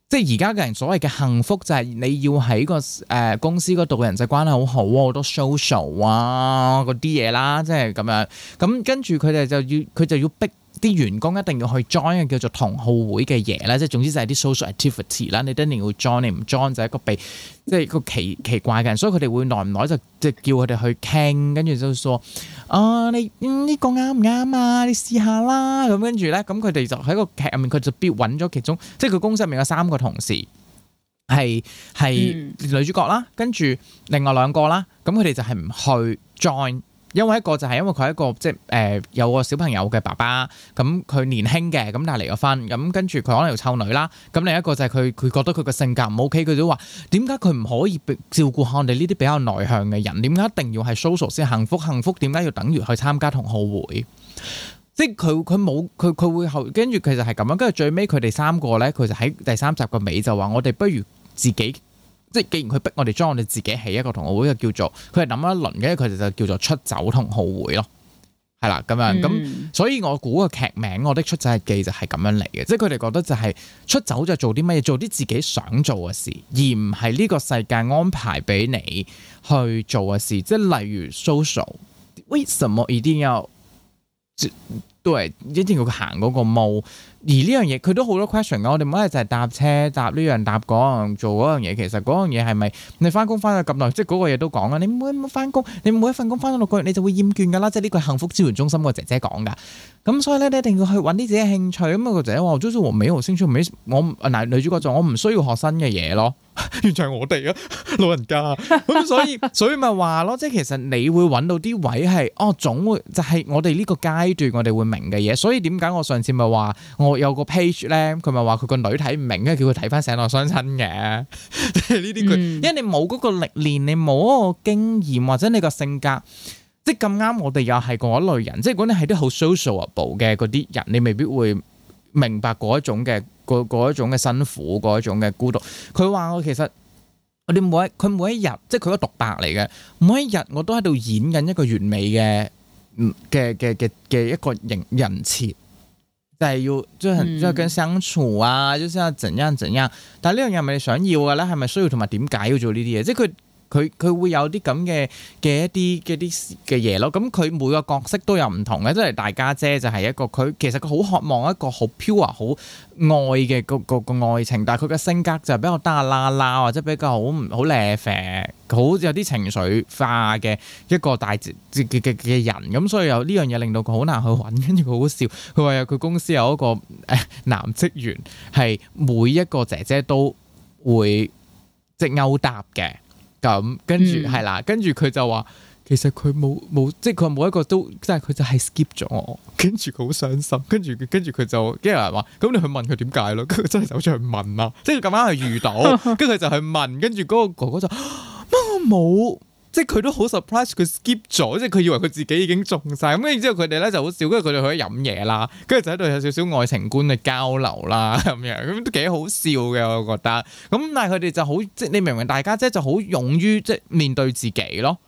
即係而家嘅人所謂嘅幸福就係你要喺個誒、呃、公司嗰度嘅人際關係好好，好多 social 啊嗰啲嘢啦，即係咁樣，咁跟住佢哋就要佢就要逼。啲員工一定要去 join 一個叫做同好會嘅嘢啦，即係總之就係啲 social activity 啦。你一定要 join，你唔 join 就係一個被即係一個奇奇怪嘅人。所以佢哋會耐唔耐就即係叫佢哋去傾，跟住就話啊，你呢個啱唔啱啊？你試下啦。咁跟住咧，咁佢哋就喺個劇入面，佢就必揾咗其中，即係佢公司入面有三個同事係係女主角啦，跟住另外兩個啦，咁佢哋就係唔去 join。因為一個就係因為佢係一個即係誒、呃、有個小朋友嘅爸爸，咁、嗯、佢年輕嘅，咁但係離咗婚，咁、嗯、跟住佢可能又湊女啦。咁另一個就係佢佢覺得佢個性格唔 OK，佢就話點解佢唔可以照顧下我哋呢啲比較內向嘅人？點解一定要係 social 先幸福？幸福點解要等於去參加同好會？即係佢佢冇佢佢會後跟住其實係咁樣！跟住最尾佢哋三個咧，佢就喺第三集個尾就話：我哋不如自己。即係既然佢逼我哋將，我哋自己起一個同學會，就叫做佢係諗咗一輪嘅，佢哋就叫做出走同好會咯，係啦咁樣咁、嗯嗯，所以我估個劇名《我的出走日記》就係咁樣嚟嘅，即係佢哋覺得就係、是、出走就做啲乜嘢，做啲自己想做嘅事，而唔係呢個世界安排俾你去做嘅事，即係例如 social，為什麼一定要？都係，一定要行嗰個模。而呢樣嘢佢都好多 question 噶，我哋冇乜就係搭車搭呢樣搭嗰樣，做嗰樣嘢，其實嗰樣嘢係咪你翻工翻咗咁耐，即係嗰個嘢都講啊！你每翻工，你每一份工翻咗六個月，你就會厭倦噶啦！即係呢個幸福支援中心個姐姐講噶，咁所以咧你一定要去揾啲自己興趣。咁個姐姐話：我追住黃尾，我升唔起我嗱女主角就我唔需要學新嘅嘢咯。完全係我哋啊，老人家咁， 所以所以咪話咯，即係其實你會揾到啲位係哦，總會就係我哋呢個階段，我哋會明嘅嘢。所以點解我上次咪話我有個 page 咧，佢咪話佢個女睇唔明，因為叫佢睇翻醒落相親嘅，即係呢啲佢，因為你冇嗰個歷練，你冇嗰個經驗，或者你個性格即係咁啱，我哋又係嗰一類人，即係如果你係啲好 sociable 嘅嗰啲人，你未必會，明白嗰一種嘅一種嘅辛苦，嗰一種嘅孤獨。佢話我其實我哋每佢每一日，即係佢個獨白嚟嘅，每一日我都喺度演緊一個完美嘅嘅嘅嘅嘅一個形人設，就係要即係即係跟相處啊，即係先啊，怎樣怎樣。但係呢樣嘢係咪你想要嘅咧？係咪需要同埋點解要做呢啲嘢？即係佢。佢佢會有啲咁嘅嘅一啲嘅啲嘅嘢咯。咁佢每個角色都有唔同嘅，即係大家姐就係一個佢其實佢好渴望一個好 pure 好愛嘅個個個愛情，但係佢嘅性格就比較單啦啦，或者比較好唔好 level 好有啲情緒化嘅一個大嘅嘅人。咁所以有呢樣嘢令到佢好難去揾。跟住佢好笑，佢話：佢公司有一個誒、啊、男職員係每一個姐姐都會即係勾搭嘅。咁、嗯、跟住係啦，跟住佢就話其實佢冇冇，即係佢冇一個都，即係佢就係 skip 咗我，跟住佢好傷心，跟住佢跟住佢就，因為話咁你去問佢點解咯，佢真係走上去問啦，即係咁啱係遇到，跟住佢就去問，跟住嗰個哥哥就乜、啊、我冇。即係佢都好 surprise，佢 skip 咗，即係佢以為佢自己已經中晒。咁跟住之後佢哋咧就好笑，跟住佢哋去飲嘢啦，跟住就喺度有少少愛情觀嘅交流啦咁樣，咁都幾好笑嘅我覺得，咁但係佢哋就好，即係你明唔明大家姐即係就好勇於即係面對自己咯。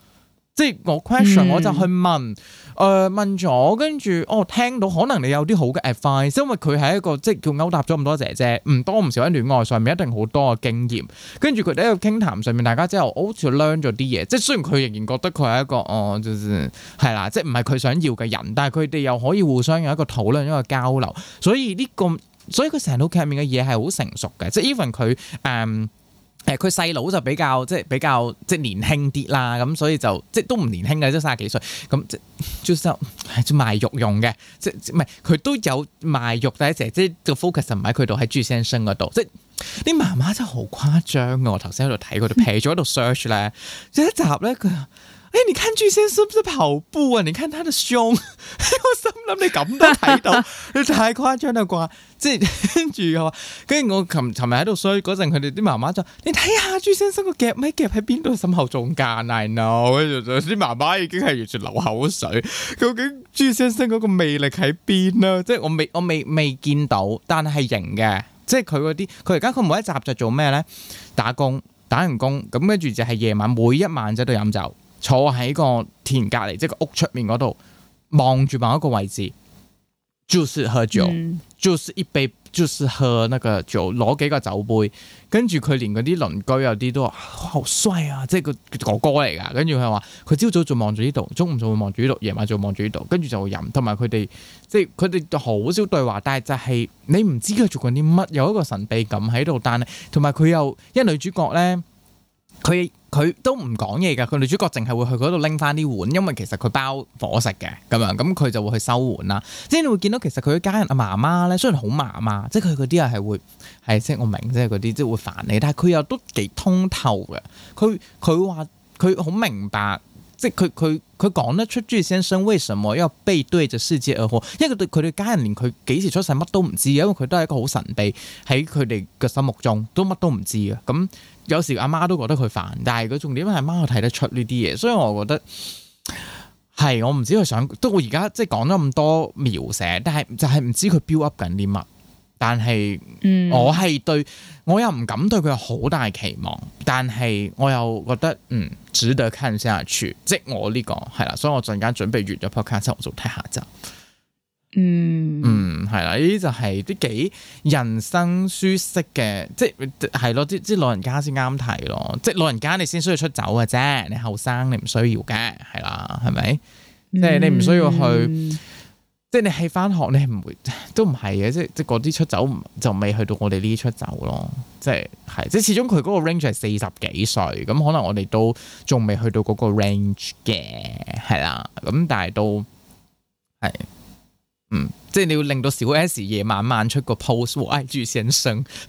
即係我 question，我就去問誒、呃，問咗跟住哦，聽到可能你有啲好嘅 advice，因為佢係一個即係叫勾搭咗咁多姐姐，唔多唔少喺戀愛上面一定好多嘅經驗。跟住佢哋喺個傾談上面，大家之後好似 learn 咗啲嘢，即係雖然佢仍然覺得佢係一個哦，係、就是、啦，即係唔係佢想要嘅人，但係佢哋又可以互相有一個討論一個交流。所以呢、這個，所以佢成套劇入面嘅嘢係好成熟嘅。即係 even 佢誒。嗯誒佢細佬就比較即係比較即係年輕啲啦，咁所以就即係都唔年輕嘅，都三十幾歲。咁即賣肉用嘅，即係唔係佢都有賣肉，但係姐姐個 focus 唔喺佢度，喺朱先生嗰度。即係啲媽媽真係好誇張嘅，我頭先喺度睇佢，啲劈咗喺度 search 咧，一集咧佢。誒、欸，你看朱先生識唔識跑步啊？你看他的胸， 我心諗你咁都睇到， 你太誇張啦啩！即係跟住啊，跟住我尋尋日喺度衰嗰陣，佢哋啲媽媽就：你睇下朱先生個夾咪夾喺邊度？心口中間啊，I know，啲媽媽已經係完全流口水。究竟朱先生嗰個魅力喺邊啊？即係我未我未未見到，但係型嘅。即係佢嗰啲，佢而家佢每一集就做咩咧？打工打完工，咁跟住就係夜晚每一晚仔係都飲酒。坐喺個田隔籬，即係個屋出面嗰度望住某一個位置，Jules 就是喝酒，就是一杯，就是喝那個酒，攞幾個酒杯，跟住佢連嗰啲鄰居有啲都話好衰啊，即係個哥哥嚟㗎，跟住佢話佢朝早仲望住呢度，中午就會望住呢度，夜晚就望住呢度，跟住就會飲，同埋佢哋即係佢哋就好少對話，但係就係你唔知佢做緊啲乜，有一個神秘感喺度，但係同埋佢又，因為女主角咧。佢佢都唔講嘢㗎，佢女主角淨係會去嗰度拎返啲碗，因為其實佢包伙食嘅咁樣，咁佢就會去收碗啦。即係你會見到其實佢一家人阿媽媽咧，雖然好嫲嫲，即係佢嗰啲係會係即係我明、即係、即係嗰啲即係會煩你，但係佢又都幾通透嘅。佢佢話佢好明白，即係佢佢。佢講得出朱先生為什麼要背對著世界而活，因為佢對佢哋家人連佢幾時出世乜都唔知，因為佢都係一個好神秘喺佢哋嘅心目中都乜都唔知嘅。咁、嗯、有時阿媽都覺得佢煩，但係佢重點係媽都睇得出呢啲嘢，所以我覺得係我唔知佢想都我而家即係講咗咁多描寫，但係就係唔知佢 build up 緊啲乜。但係，我係對，我又唔敢對佢有好大期望。但係，我又覺得，嗯，值得睇下去，即係我呢個係啦。所以我陣間準備完咗 podcast 之後我就睇下集。嗯嗯，係啦，呢啲就係啲幾人生舒適嘅，即係係咯，啲啲老人家先啱睇咯。即係老人家你先需要出走嘅啫，你後生你唔需要嘅，係啦，係咪？即係你唔需要去。嗯即係你係翻學，你係唔會都唔係嘅，即係即係嗰啲出走就未去到我哋呢啲出走咯。即係係即係始終佢嗰個 range 係四十幾歲，咁、嗯、可能我哋都仲未去到嗰個 range 嘅，係啦。咁、嗯、但係都係。嗯、即係你要令到小 S 夜晚晚出個 post，我話住先生，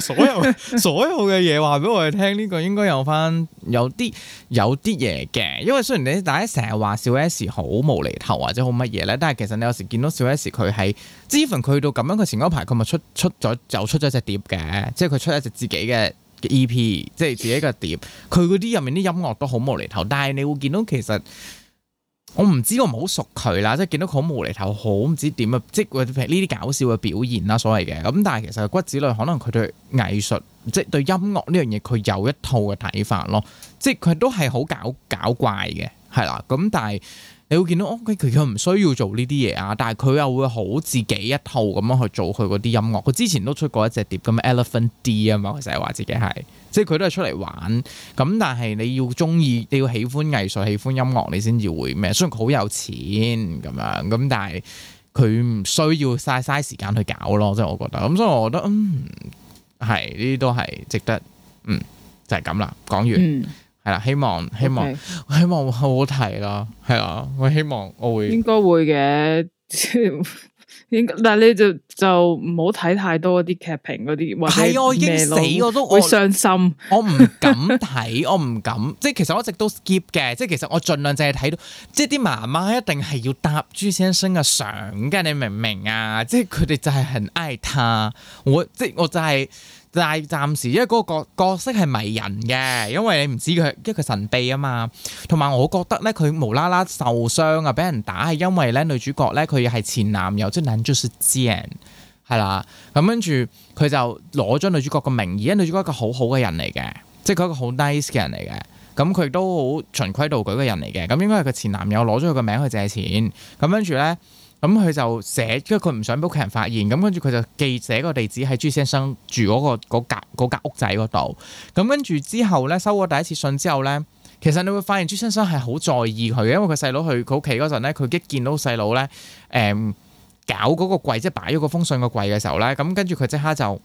所有所有嘅嘢話俾我哋聽，呢 個應該有翻有啲有啲嘢嘅。因為雖然你大家成日話小 S 好無厘頭或者好乜嘢咧，但係其實你有時見到小 S 佢係，even 佢到咁樣，佢前嗰排佢咪出出咗就出咗隻碟嘅，即係佢出一隻自己嘅 EP，即係自己嘅碟。佢嗰啲入面啲音樂都好無厘頭，但係你會見到其實。我唔知，我唔好熟佢啦，即係見到佢好無厘頭，好唔知點啊，即係呢啲搞笑嘅表現啦，所謂嘅。咁但係其實骨子裏可能佢對藝術，即係對音樂呢樣嘢，佢有一套嘅睇法咯。即係佢都係好搞搞怪嘅，係啦。咁但係你會見到，哦，佢佢唔需要做呢啲嘢啊，但係佢又會好自己一套咁樣去做佢嗰啲音樂。佢之前都出過一隻碟咁，Elephant D 啊嘛，佢成日話自己係。即係佢都係出嚟玩，咁但係你要中意，你要喜歡藝術、喜歡音樂，你先至會咩？雖然佢好有錢咁樣，咁但係佢唔需要嘥嘥時間去搞咯。即係我覺得，咁所以我覺得，嗯，係呢啲都係值得，嗯，就係咁啦。講完，係啦，嗯，希望希望 Okay. 希望好好睇咯，係啊，我希望我會應該會嘅。 但係你就就唔好睇太多啲劇評嗰啲，我已經死我都會傷心。 我唔敢睇，我唔敢。即係其實我一直都 skip 嘅，即係其實我盡量就係睇到，即係啲媽媽一定係要搭朱先生嘅相嘅，你明唔明啊？即係佢哋就係很愛他，我即係我就係、是。但係暫時，因為嗰個角角色係迷人嘅，因為你唔知佢，因為佢神秘啊嘛。同埋我覺得咧，佢無啦啦受傷啊，俾人打係因為咧女主角咧，佢係前男友，即係 Andrew Zhan，係啦。咁跟住佢就攞咗女主角嘅名義，因為女主角一個好好嘅人嚟嘅，即係佢一個好 nice 嘅人嚟嘅。咁佢都好循規蹈矩嘅人嚟嘅。咁應該係佢前男友攞咗佢嘅名去借錢。咁跟住咧。咁佢、嗯、就寫，因為佢唔想俾屋企人發現，咁跟住佢就寄寫個地址喺朱先生住嗰、嗰個間屋仔嗰度。咁跟住之後咧，收咗第一次信之後咧，其實你會發現朱先生係好在意佢嘅，因為佢細佬去佢屋企嗰陣咧，佢一見到細佬咧，誒、嗯、搞嗰個櫃，即係擺咗嗰封信個櫃嘅時候咧，咁跟住佢即刻就。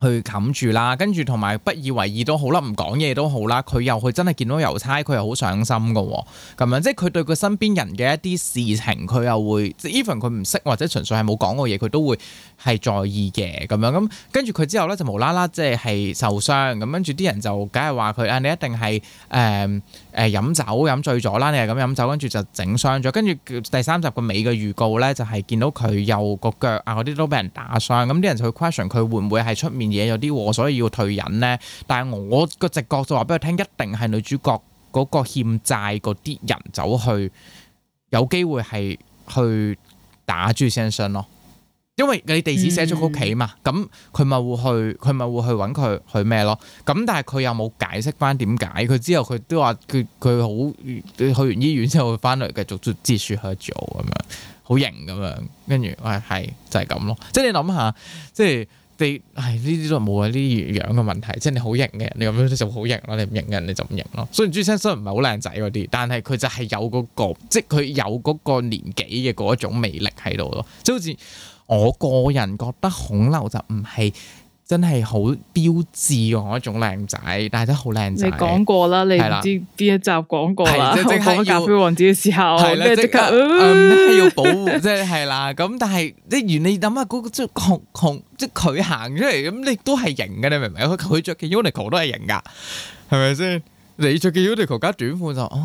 去冚住啦，跟住同埋不以為意都好啦，唔講嘢都好啦。佢又去真係見到郵差，佢又好上心噶，咁樣即係佢對佢身邊人嘅一啲事情，佢又會即 even 佢唔識或者純粹係冇講過嘢，佢都會係在意嘅咁樣。咁跟住佢之後咧就無啦啦即係係受傷，咁跟住啲人就梗係話佢啊，你一定係誒誒飲酒飲醉咗啦，你係咁飲酒，跟住就整傷咗。跟住第三集個尾嘅預告咧，就係、是、見到佢右腳啊嗰啲都俾人打傷，咁啲人就去 question 佢會唔會係出面嘢有啲喎，所以要退隱咧。但係我個直覺就話俾佢聽，一定係女主角嗰個欠債嗰啲人走去，有機會係去打朱先生咯。因為你地址寫咗屋企嘛，咁佢咪會去，佢咪會去揾佢去咩咯？咁但係佢又冇解釋翻點解。佢之後佢都話佢佢好去完醫院之後，會翻嚟繼續做接住去做咁樣，好型咁樣。跟住係係就係咁咯。即係你諗下，即係。哋係呢啲都冇啊！呢啲樣嘅問題，即係你好型嘅，你咁樣就好型咯；你唔型嘅人你就唔型咯。雖然朱先生唔係好靚仔嗰啲，但係佢就係有嗰個，即係佢有嗰個年紀嘅嗰一種魅力喺度咯。即係好似我個人覺得孔劉就唔係。真係好標致嗰、啊、一種靚仔，但係都好靚仔你。你講過啦，你唔知邊一集講過啦？係即係講《咖啡王子》嘅時候，係啦的，即係、嗯、要保護， 即係係啦。咁但係即如你諗下嗰個即係即佢行出嚟，咁你都係型嘅，你明唔明？佢着嘅 Uniqlo 都係型噶，係咪先？你着嘅 Uniqlo 加短褲就哦，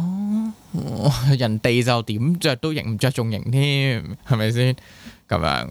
人哋就點着都型，唔着仲型添，係咪先？咁樣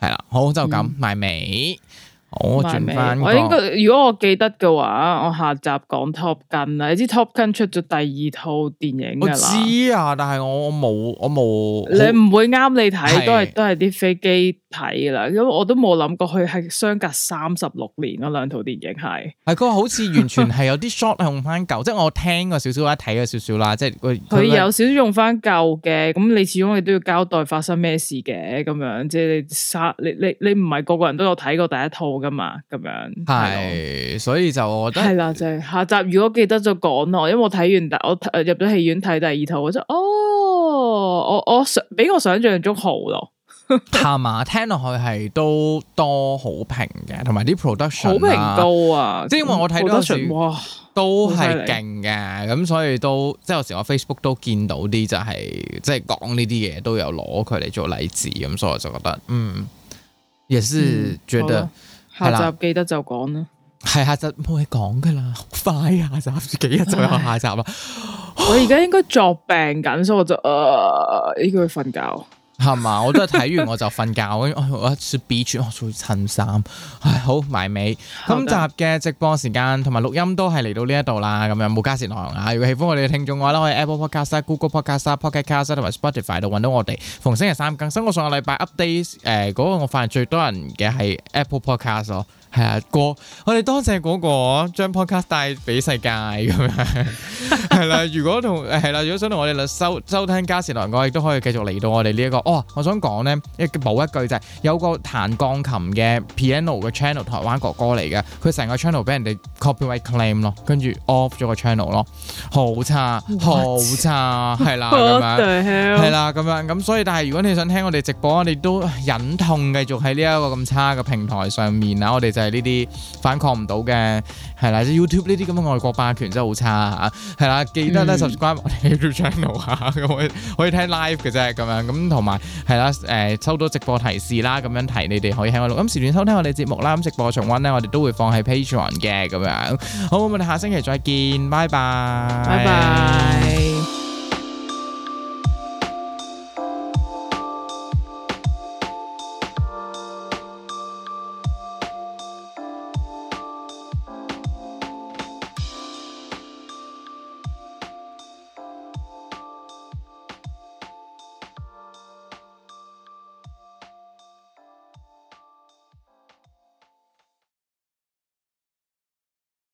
係啦，好，好就咁埋尾。好好我轉翻，我應該如果我記得嘅話，我下集講 Top Gun 啊！你知 Top Gun 出咗第二套電影㗎啦。我知啊，但係我我冇我冇。你唔會啱你睇，都係都係啲飛機睇啦。因為我都冇諗過佢係相隔三十六年嗰，兩套電影係。係佢好似完全係有啲 shot 係用翻舊，即係我聽過少少或者，睇過少少啦，即係佢。佢有少少用翻舊嘅，咁你始終你都要交代發生咩事嘅咁樣，即係你你你你你唔係個個人都有睇過第一套。噶嘛咁樣，係是，所以就我覺得係啦，就係、下集如果記得就講咯。因為我睇完，我入咗戲院睇第二套，我就哦，我我想比我想象中好咯，係 嘛？聽落去係都多好評嘅，同埋啲 production 好、啊、評高啊！即係因為我睇 production 哇，都係勁嘅，咁所以都即係有時我 Facebook 都見到啲就係即係講呢啲嘢，就係、都有攞佢嚟做例子，咁所以我就覺得嗯，也、yes, 是、嗯、覺得。下集記得就講啦，係、啊、下集冇嘢講噶啦，好快、啊、下集，幾日就有下集啦。 我而家應該作病緊，所以我就、呃，應該去瞓覺。係嘛？ 我都係睇完我就瞓覺，跟住我一脱 B 穿，我做襯衫。唉，好埋尾。的今集嘅直播時間同埋錄音都係嚟到呢一度啦。咁樣冇加時內容啊。如果喜歡我哋嘅聽眾嘅話咧，可以 Apple Podcast、Google Podcast、Pocket Cast 同埋 Spotify 度搵到我哋。逢星期三更新。我上個禮拜 update 誒、呃，嗰、那個我發現最多人嘅係 Apple Podcast 咯、喔。係阿哥，我哋多謝嗰個將 podcast 帶俾世界咁樣，係啦。如果同係啦，如果想同我哋收收聽嘉士蘭，我亦都可以繼續嚟到我哋呢一個。哦，我想講咧，即係補一句就係，有個彈鋼琴嘅 piano 嘅 channel，台灣哥哥嚟嘅，佢成個 channel 俾人哋 copyright claim 咯，跟住 off 咗個 channel 咯，好差，好差，係啦，係啦，咁樣，咁所以，但係如果你想聽我哋直播，我哋都忍痛繼續喺呢一個咁差嘅平台上面啊，我哋就。呢啲反抗唔到嘅，係啦，YouTube 呢啲咁嘅外國霸權真係好差嚇，係、啊、啦，記得咧 subscribe、嗯、我哋 YouTube channel 嚇，咁、啊、可以可以聽 live 嘅啫，咁樣咁同埋係啦，誒、呃，收到直播提示啦，咁、啊、樣提你哋可以喺我錄音、啊、時段收聽我哋節目啦，咁直播重溫咧，我哋都會放喺 Patreon 嘅，咁、啊、樣好，我哋下星期再見，拜拜，拜拜。